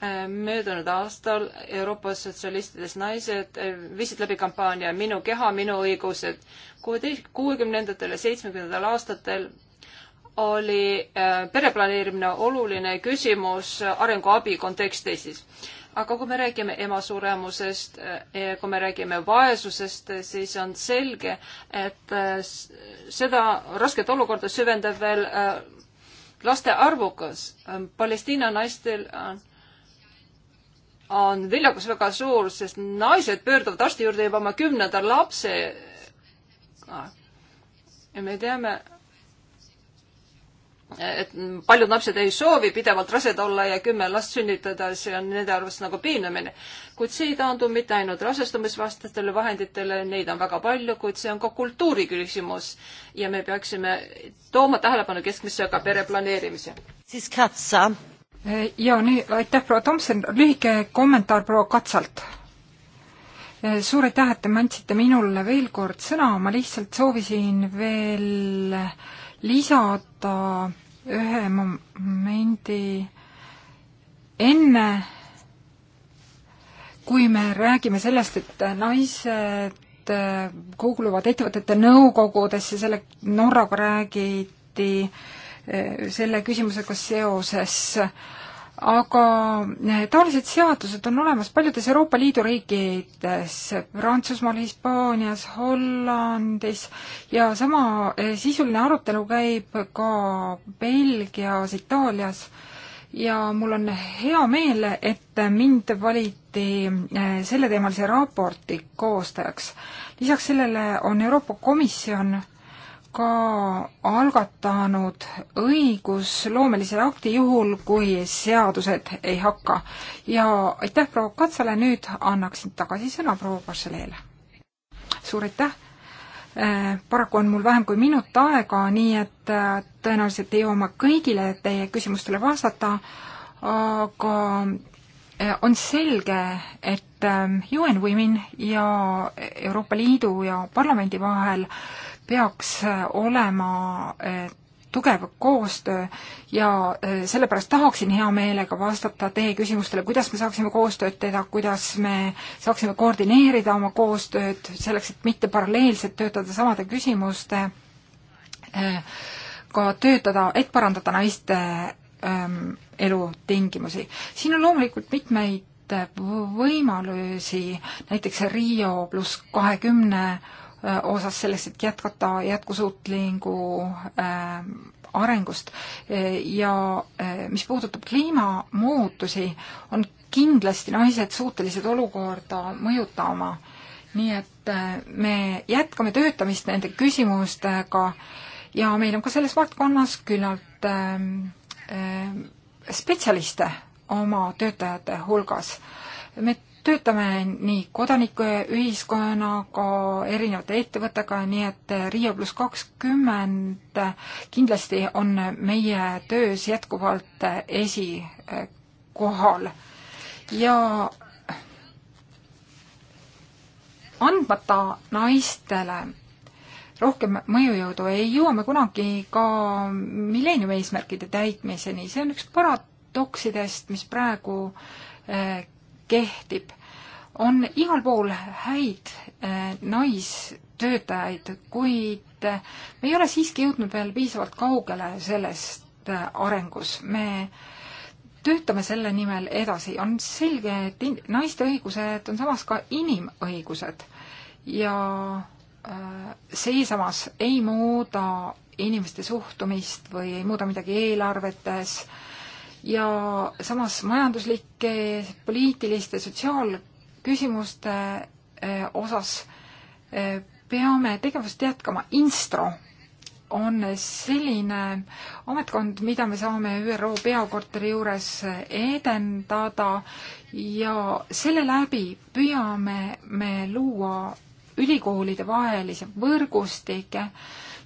Speaker 3: äh, möödunud aastal Euroopa sotsialistidest naised äh, viisid läbi kampaania Minu keha, minu õigused. kuuekümnendatel ja seitsmekümnendatel aastatel oli äh, pereplaneerimine oluline küsimus arenguabi kontekstis. aga kui me räägime ema suremusest, äh, kui me räägime vaesusest, siis on selge, et äh, seda rasket olukorda süvendab veel laste arvukus. Palestiina naistel on on viljakus väga suur, sest naised pöörduvad arsti juurde juba oma kümnenda lapse. me teame, et paljud lapsed ei soovi pidevalt rased olla ja kümme last sünnitada, see on nende arvates nagu piinamine. kuid see ei taandu mitte ainult rasestumisvastastele vahenditele, neid on väga palju, kuid see on ka kultuuri küsimus ja me peaksime tooma tähelepanu keskmisse ka pereplaneerimise.
Speaker 1: siis Katsa. ja nii, aitäh, proua Tomson, lühike kommentaar proua Katsalt suur aitäh, et te andsite minule veel kord sõna, ma lihtsalt soovisin veel lisada ühe momendi enne, kui me räägime sellest, et naised äh, kuuluvad ettevõtete nõukogudesse, selle Norraga räägiti äh, selle küsimusega seoses äh, aga eh, taolised seadused on olemas paljudes Euroopa Liidu riikides, Prantsusmaal, Hispaanias, Hollandis ja sama eh, sisuline arutelu käib ka Belgias, Itaalias ja mul on hea meel, et mind valiti eh, selleteemalise raporti koostajaks. lisaks sellele on Euroopa Komisjon ka algatanud õigusloomelise akti juhul, kui seadused ei hakka. ja aitäh proua Katsale, nüüd annaksin tagasi sõna proua Barcelele. suur aitäh! Äh, paraku on mul vähem kui minut aega, nii et äh, tõenäoliselt ei jõua ma kõigile teie küsimustele vastata, aga äh, on selge, et UN Women ja Euroopa Liidu ja parlamendi vahel peaks äh, olema äh, tugev koostöö ja äh, sellepärast tahaksin hea meelega vastata teie küsimustele, kuidas me saaksime koostööd teha, kuidas me saaksime koordineerida oma koostööd selleks, et mitte paralleelselt töötada samade küsimuste ka töötada, et parandada naiste ähm, elutingimusi. siin on loomulikult mitmeid võimalusi, näiteks Rio pluss kahekümne 20 osas selleks, et jätkata jätkusuutlingu äh, arengust ja äh, mis puudutab kliimamuutusi, on kindlasti naised suutelised olukorda mõjutama. nii et äh, me jätkame töötamist nende küsimustega ja meil on ka selles valdkonnas küllalt ähm, spetsialiste oma töötajate hulgas. me töötame nii kodanikuühiskonnaga, erinevate ettevõttega, nii et Riia pluss kakskümmend kindlasti on meie töös jätkuvalt esikohal ja andmata naistele rohkem mõjujõudu ei jõua me kunagi ka milleeniumi eesmärkide täitmiseni, see on üks paratoksidest, mis praegu eh, kehtib. on igal pool häid äh, naistöötajaid, kuid äh, me ei ole siiski jõudnud veel piisavalt kaugele sellest äh, arengus. me töötame selle nimel edasi. on selge, et naiste õigused on samas ka inimõigused ja seesamas ei muuda inimeste suhtumist või ei muuda midagi eelarvetes äh, ja samas majanduslike, poliitiliste, sotsiaalküsimuste eh, osas eh, peame tegevust jätkama. Instro on selline ametkond, mida me saame ÜRO peakorteri juures edendada ja selle läbi püüame me luua ülikoolide vahelise võrgustike.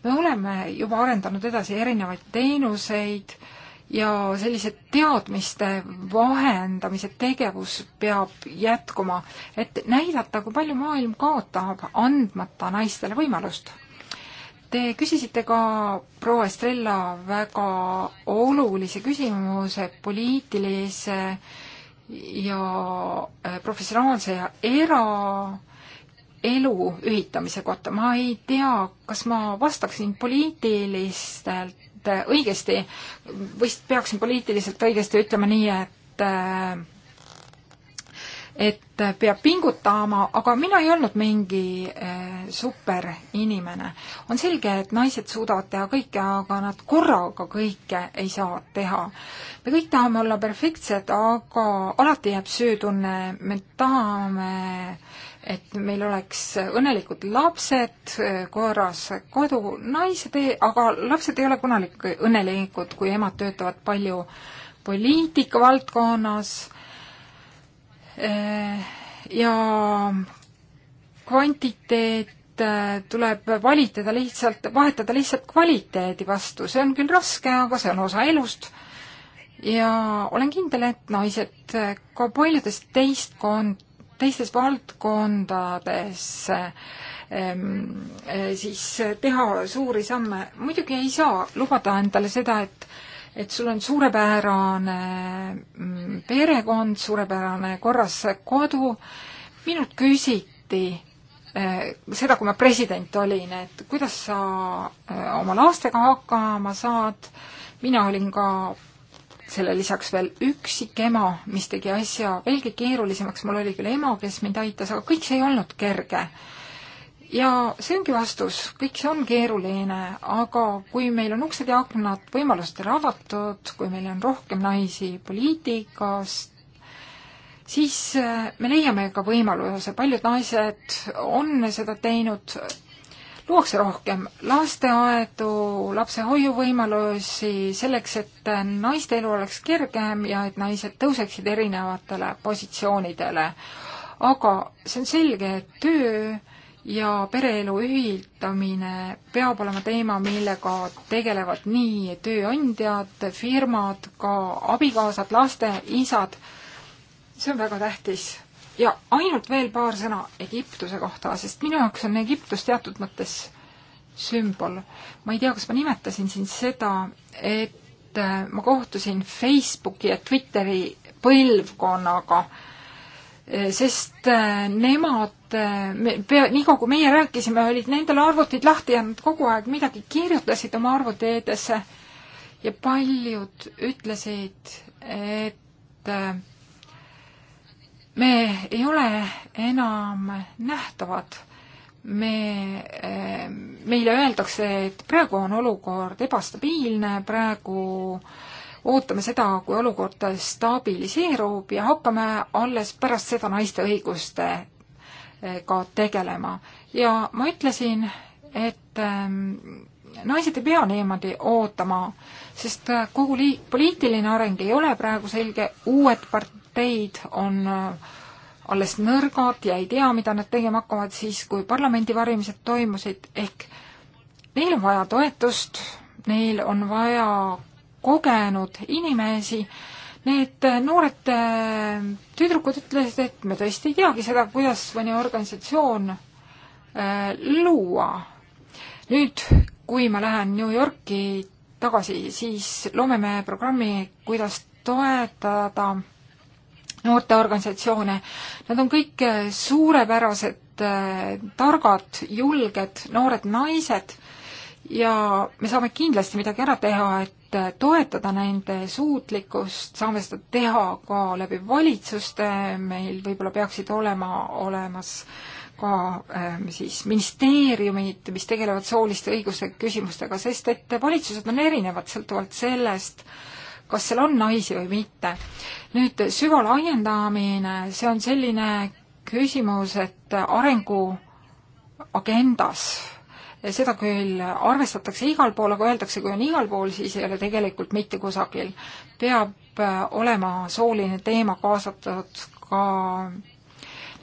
Speaker 1: me oleme juba arendanud edasi erinevaid teenuseid äh, ja sellise teadmiste vahendamise tegevus peab jätkuma, et näidata, kui palju maailm kaotab, andmata naistele võimalust. Te küsisite ka proua Estrella väga olulise küsimuse poliitilise ja äh, professionaalse ja era elu ühitamise kohta. ma ei tea, kas ma vastaksin poliitilistelt et äh, õigesti, vist peaksin poliitiliselt õigesti ütlema nii, et äh, et peab pingutama, aga mina ei olnud mingi äh, superinimene. on selge, et naised suudavad teha kõike, aga nad korraga kõike ei saa teha. me kõik tahame olla perfektsed, aga alati jääb süütunne, me tahame äh, et meil oleks õnnelikud lapsed, eh, korras kodu, naised ei, aga lapsed ei ole kunagi õnnelikud, kui emad töötavad palju poliitika valdkonnas eh, ja kvantiteet eh, tuleb valitada lihtsalt, vahetada lihtsalt kvaliteedi vastu, see on küll raske, aga see on osa elust ja olen kindel, et naised ka paljudes teistkond-, teistes valdkondades ehm, eh, siis teha suuri samme. muidugi ei saa lubada endale seda, et et sul on suurepärane mm, perekond, suurepärane korras kodu. minult küsiti eh, seda, kui ma president olin, et kuidas sa eh, oma lastega hakkama saad. mina olin ka selle lisaks veel üksik ema, mis tegi asja veelgi keerulisemaks, mul oli küll ema, kes mind aitas, aga kõik see ei olnud kerge. ja see ongi vastus, kõik see on keeruline, aga kui meil on uksed ja aknad võimalustele avatud, kui meil on rohkem naisi poliitikas, siis me leiame ka võimaluse, paljud naised on seda teinud luuakse rohkem lasteaedu, lapsehoiuvõimalusi selleks, et naiste elu oleks kergem ja et naised tõuseksid erinevatele positsioonidele. aga see on selge, et töö ja pereelu ühildamine peab olema teema, millega tegelevad nii tööandjad, firmad, ka abikaasad, laste isad. see on väga tähtis ja ainult veel paar sõna Egiptuse kohta, sest minu jaoks on Egiptus teatud mõttes sümbol. ma ei tea, kas ma nimetasin siin seda, et äh, ma kohtusin Facebooki ja Twitteri põlvkonnaga, äh, sest äh, nemad, pea, nii kaua kui meie rääkisime, olid nendel arvutid lahti ja nad kogu aeg midagi kirjutasid oma arvutiteedesse ja paljud ütlesid, et me ei ole enam nähtavad. me, eh, meile öeldakse, et praegu on olukord ebastabiilne, praegu ootame seda, kui olukord stabiliseerub ja hakkame alles pärast seda naiste õigustega tegelema. ja ma ütlesin, et eh, naised ei pea niimoodi ootama, sest kogu liik-, poliitiline areng ei ole praegu selge, uued part-, parteid on äh, alles nõrgad ja ei tea, mida nad tegema hakkavad siis, kui parlamendivalimised toimusid, ehk neil on vaja toetust, neil on vaja kogenud inimesi, need äh, noored äh, tüdrukud ütlesid, et me tõesti ei teagi seda, kuidas mõni organisatsioon luua. nüüd, kui ma lähen New Yorki tagasi, siis loome me programmi, kuidas toetada noorteorganisatsioone. Nad on kõik äh, suurepärased, äh, targad, julged noored naised ja me saame kindlasti midagi ära teha, et äh, toetada nende suutlikkust, saame seda teha ka läbi valitsuste, meil võib-olla peaksid olema olemas ka äh, siis ministeeriumid, mis tegelevad sooliste õiguste küsimustega, sest et valitsused on erinevad sõltuvalt sellest äh,, kas seal on naisi või mitte. nüüd süvalaiendamine, see on selline küsimus, et arenguagendas seda küll arvestatakse igal pool, aga öeldakse, kui on igal pool, siis ei ole tegelikult mitte kusagil. peab äh, olema sooline teema kaasatud ka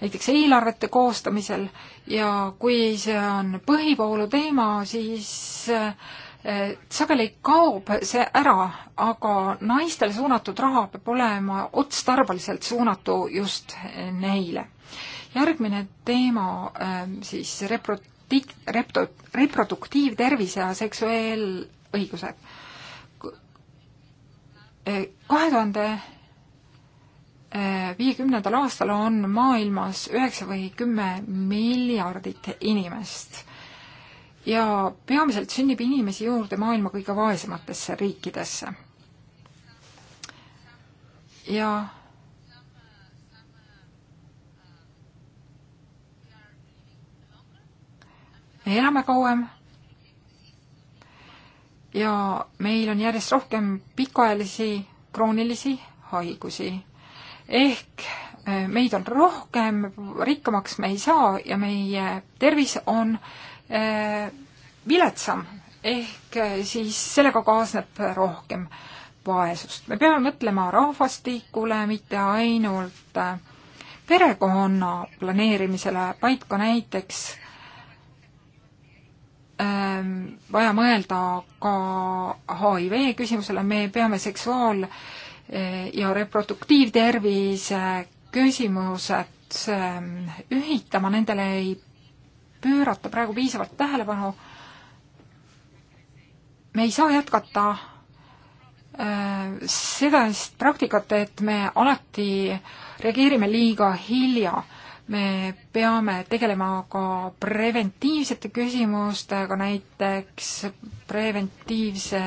Speaker 1: näiteks eelarvete koostamisel ja kui see on põhivoolu teema, siis äh, sageli kaob see ära, aga naistele suunatud raha peab olema otstarbeliselt suunatu just neile. järgmine teema ähm, siis reprodik-, repto-, reproduktiivtervis ja seksuaalõigused. Äh, kahe tuhande äh, viiekümnendal aastal on maailmas üheksa või kümme miljardit inimest ja peamiselt sünnib inimesi juurde maailma kõige vaesematesse riikidesse. ja me elame kauem ja meil on järjest rohkem pikaajalisi kroonilisi haigusi. ehk eh, meid on rohkem, rikkamaks me ei saa ja meie tervis on äh, Äh, viletsam ehk äh, siis sellega kaasneb rohkem vaesust. me peame mõtlema rahvastikule, mitte ainult äh, perekonna planeerimisele, vaid ka näiteks ähm, vaja mõelda ka HIV küsimusele, me peame seksuaal- ja reproduktiivtervise küsimused ähm, ühitama, nendele ei pöörata praegu piisavalt tähelepanu. me ei saa jätkata äh, sellist praktikat, et me alati reageerime liiga hilja. me peame tegelema ka preventiivsete küsimustega, näiteks preventiivse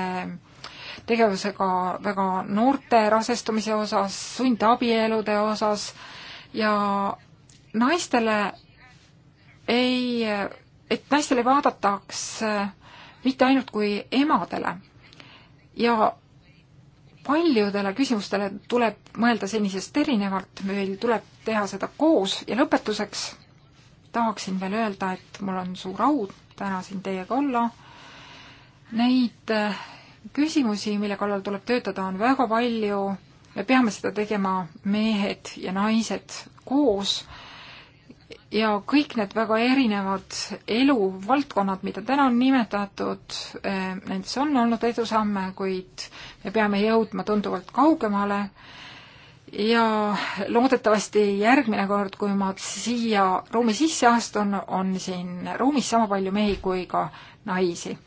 Speaker 1: tegevusega väga noorte rasestumise osas, sundabielude osas ja naistele ei, et naistele vaadataks äh, mitte ainult kui emadele ja paljudele küsimustele tuleb mõelda senisest erinevalt, meil tuleb teha seda koos ja lõpetuseks tahaksin veel öelda, et mul on suur au täna siin teiega olla. Neid äh, küsimusi, mille kallal tuleb töötada, on väga palju, me peame seda tegema mehed ja naised koos ja kõik need väga erinevad eluvaldkonnad, mida täna on nimetatud, eh, nendes on olnud edusamme, kuid me peame jõudma tunduvalt kaugemale ja loodetavasti järgmine kord, kui ma siia ruumi sisse astun, on siin ruumis sama palju mehi kui ka naisi.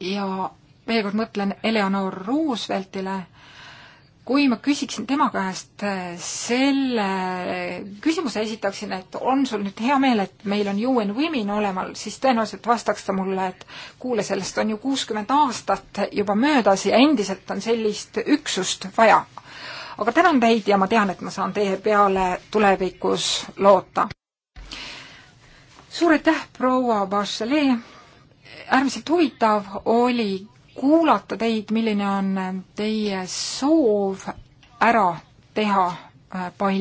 Speaker 1: ja veel kord mõtlen Eleonor Rooseveltile kui ma küsiksin tema käest äh, selle küsimuse esitaksin, et on sul nüüd hea meel, et meil on UN Women olemal, siis tõenäoliselt vastaks ta mulle, et kuule, sellest on ju kuuskümmend aastat juba möödas ja endiselt on sellist üksust vaja. aga tänan teid ja ma tean, et ma saan teie peale tulevikus loota. suur aitäh, proua Bachelet! äärmiselt huvitav oli kuulata teid, milline on teie soov ära teha äh, Pai